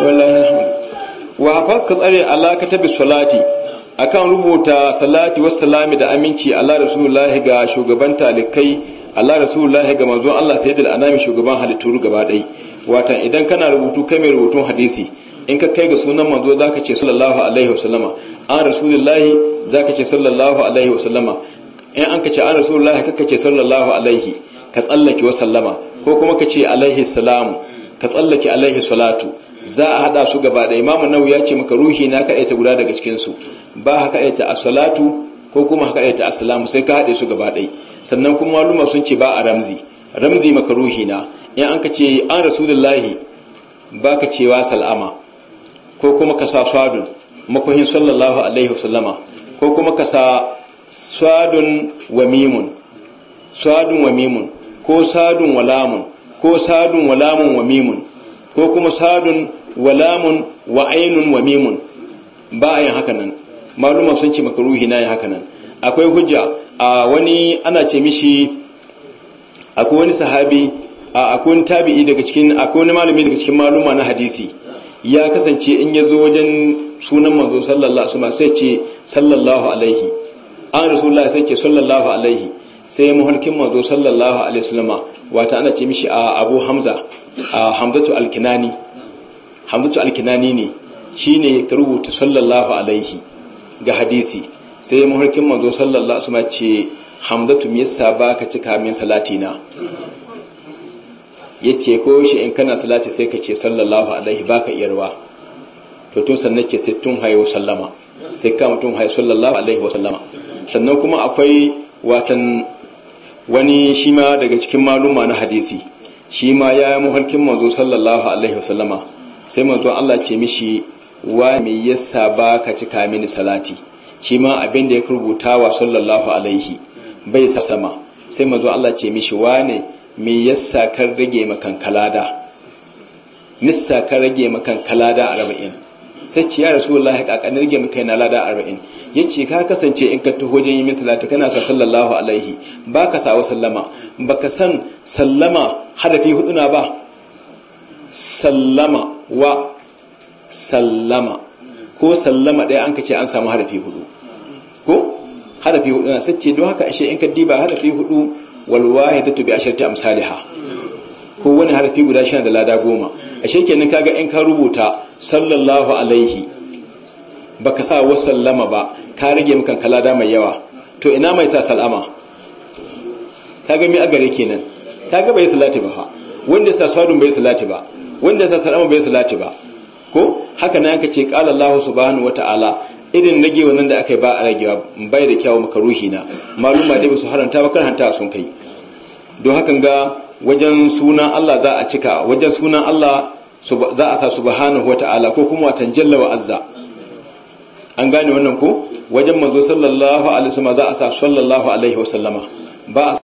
wa الحمد tsare كثير ta bi salati akan rubuta salati wasu salami da aminci Allah rasulullahi ga shugaban talikai Allah rasulullahi ga manzon Allah sai da anami shugaban halittu gaba ɗai watan idan kana rubutu kai mai rubutun hadisi in ka kai ga sunan manzo zaka ce sallallahu alaihi wasallama an rasulullahi zaka ce sallallahu alaihi wa sallama in an ka ce an rasulullahi kaka ce sallallahu alaihi ka tsallake wa sallama ko kuma ka ce alaihi salamu ka tsallake alaihi salatu za a hada su gaba da imamu nau ya ce maka ruhi na kaɗaita guda daga cikinsu ba haka kaɗaita as-salatu ko kuma haka kaɗaita as-salamu sai ka haɗe su gaba ɗai sannan kuma maluma sun ce ba a ramzi ramzi maka ruhi na in an ka ce an rasulullahi ba ka cewa sal'ama ko kuma ka sa fadun makuhin sallallahu alaihi wasallama ko kuma ka sa sadun wa mimun sadun wa mimun ko sadun wa lamun ko sadun wa lamun wa mimun ko kuma sadun wa lamun wa ainun wa mimun ba a yin haka nan maluma sun ce makaruhi na yin haka nan akwai hujja a wani ana ce mishi akwai wani sahabi a akwai tabi'i daga cikin akwai wani malumi daga cikin maluma na hadisi ya kasance in ya zo wajen sunan manzo sallallahu alaihi sai ce sallallahu alaihi an rasulullah sai ce sallallahu alaihi sai muhalkin manzo sallallahu alaihi sallama wata ana ce mishi a abu hamza a hamzatu alkinani hamzatu alkinani ne shine ka rubuta sallallahu alaihi ga hadisi sai muhalkin manzo sallallahu alaihi sallama ce hamzatu me yasa ka cika min salatina ya ce ko shi in kana salati sai ka ce sallallahu alaihi baka iyarwa to tun sannan ce sai tun haihu sallama sai kama tun haihu sallallahu alaihi wa sallama sannan kuma akwai watan wani shi ma daga cikin maluma na hadisi shi ma ya yi muhalkin manzo sallallahu alaihi wa sallama sai manzo Allah ce mishi wa me yasa ba ka ci mini salati shi ma abin da ya rubuta wa sallallahu alaihi bai sa sama sai manzo Allah ce mishi wa ne me yasa ka rage makankalada nissa ka rage makankalada arba'in sai ce ya wallahi kakannin rage maka yana lada arba'in ya ce ka kasance in ka taho wajen yi min salata kana sa sallallahu alaihi ba ka sawa sallama ba ka san sallama harafi huduna ba sallama wa sallama ko sallama ɗaya an ka ce an samu harafi hudu ko harafi hudu na ce don haka ashe in ka diba harafi hudu walwahidatu bi asharti ha ko wani harfi guda shi da lada goma ashe kenan kaga in ka rubuta sallallahu alaihi ba ka sa wa lama ba ka rage maka kalada mai yawa to ina mai sa salama kaga mi a gare kenan ga bai salati ba wanda sa sadun bai salati ba wanda sa salama bai salati ba ko haka nan ce qala Allah subhanahu wataala irin rage wannan da aka yi ba a ragewa bai da kyawun makaruhi na maluma dai ba su haranta ba hanta sun kai don hakan ga wajen suna Allah za a cika wajen suna Allah za a sa subhanahu wata'ala ko kuma watan jalla wa azza an gane wannan ko wajen manzo sallallahu alaihi wasallama za a sa sallallahu alaihi wasallama ba a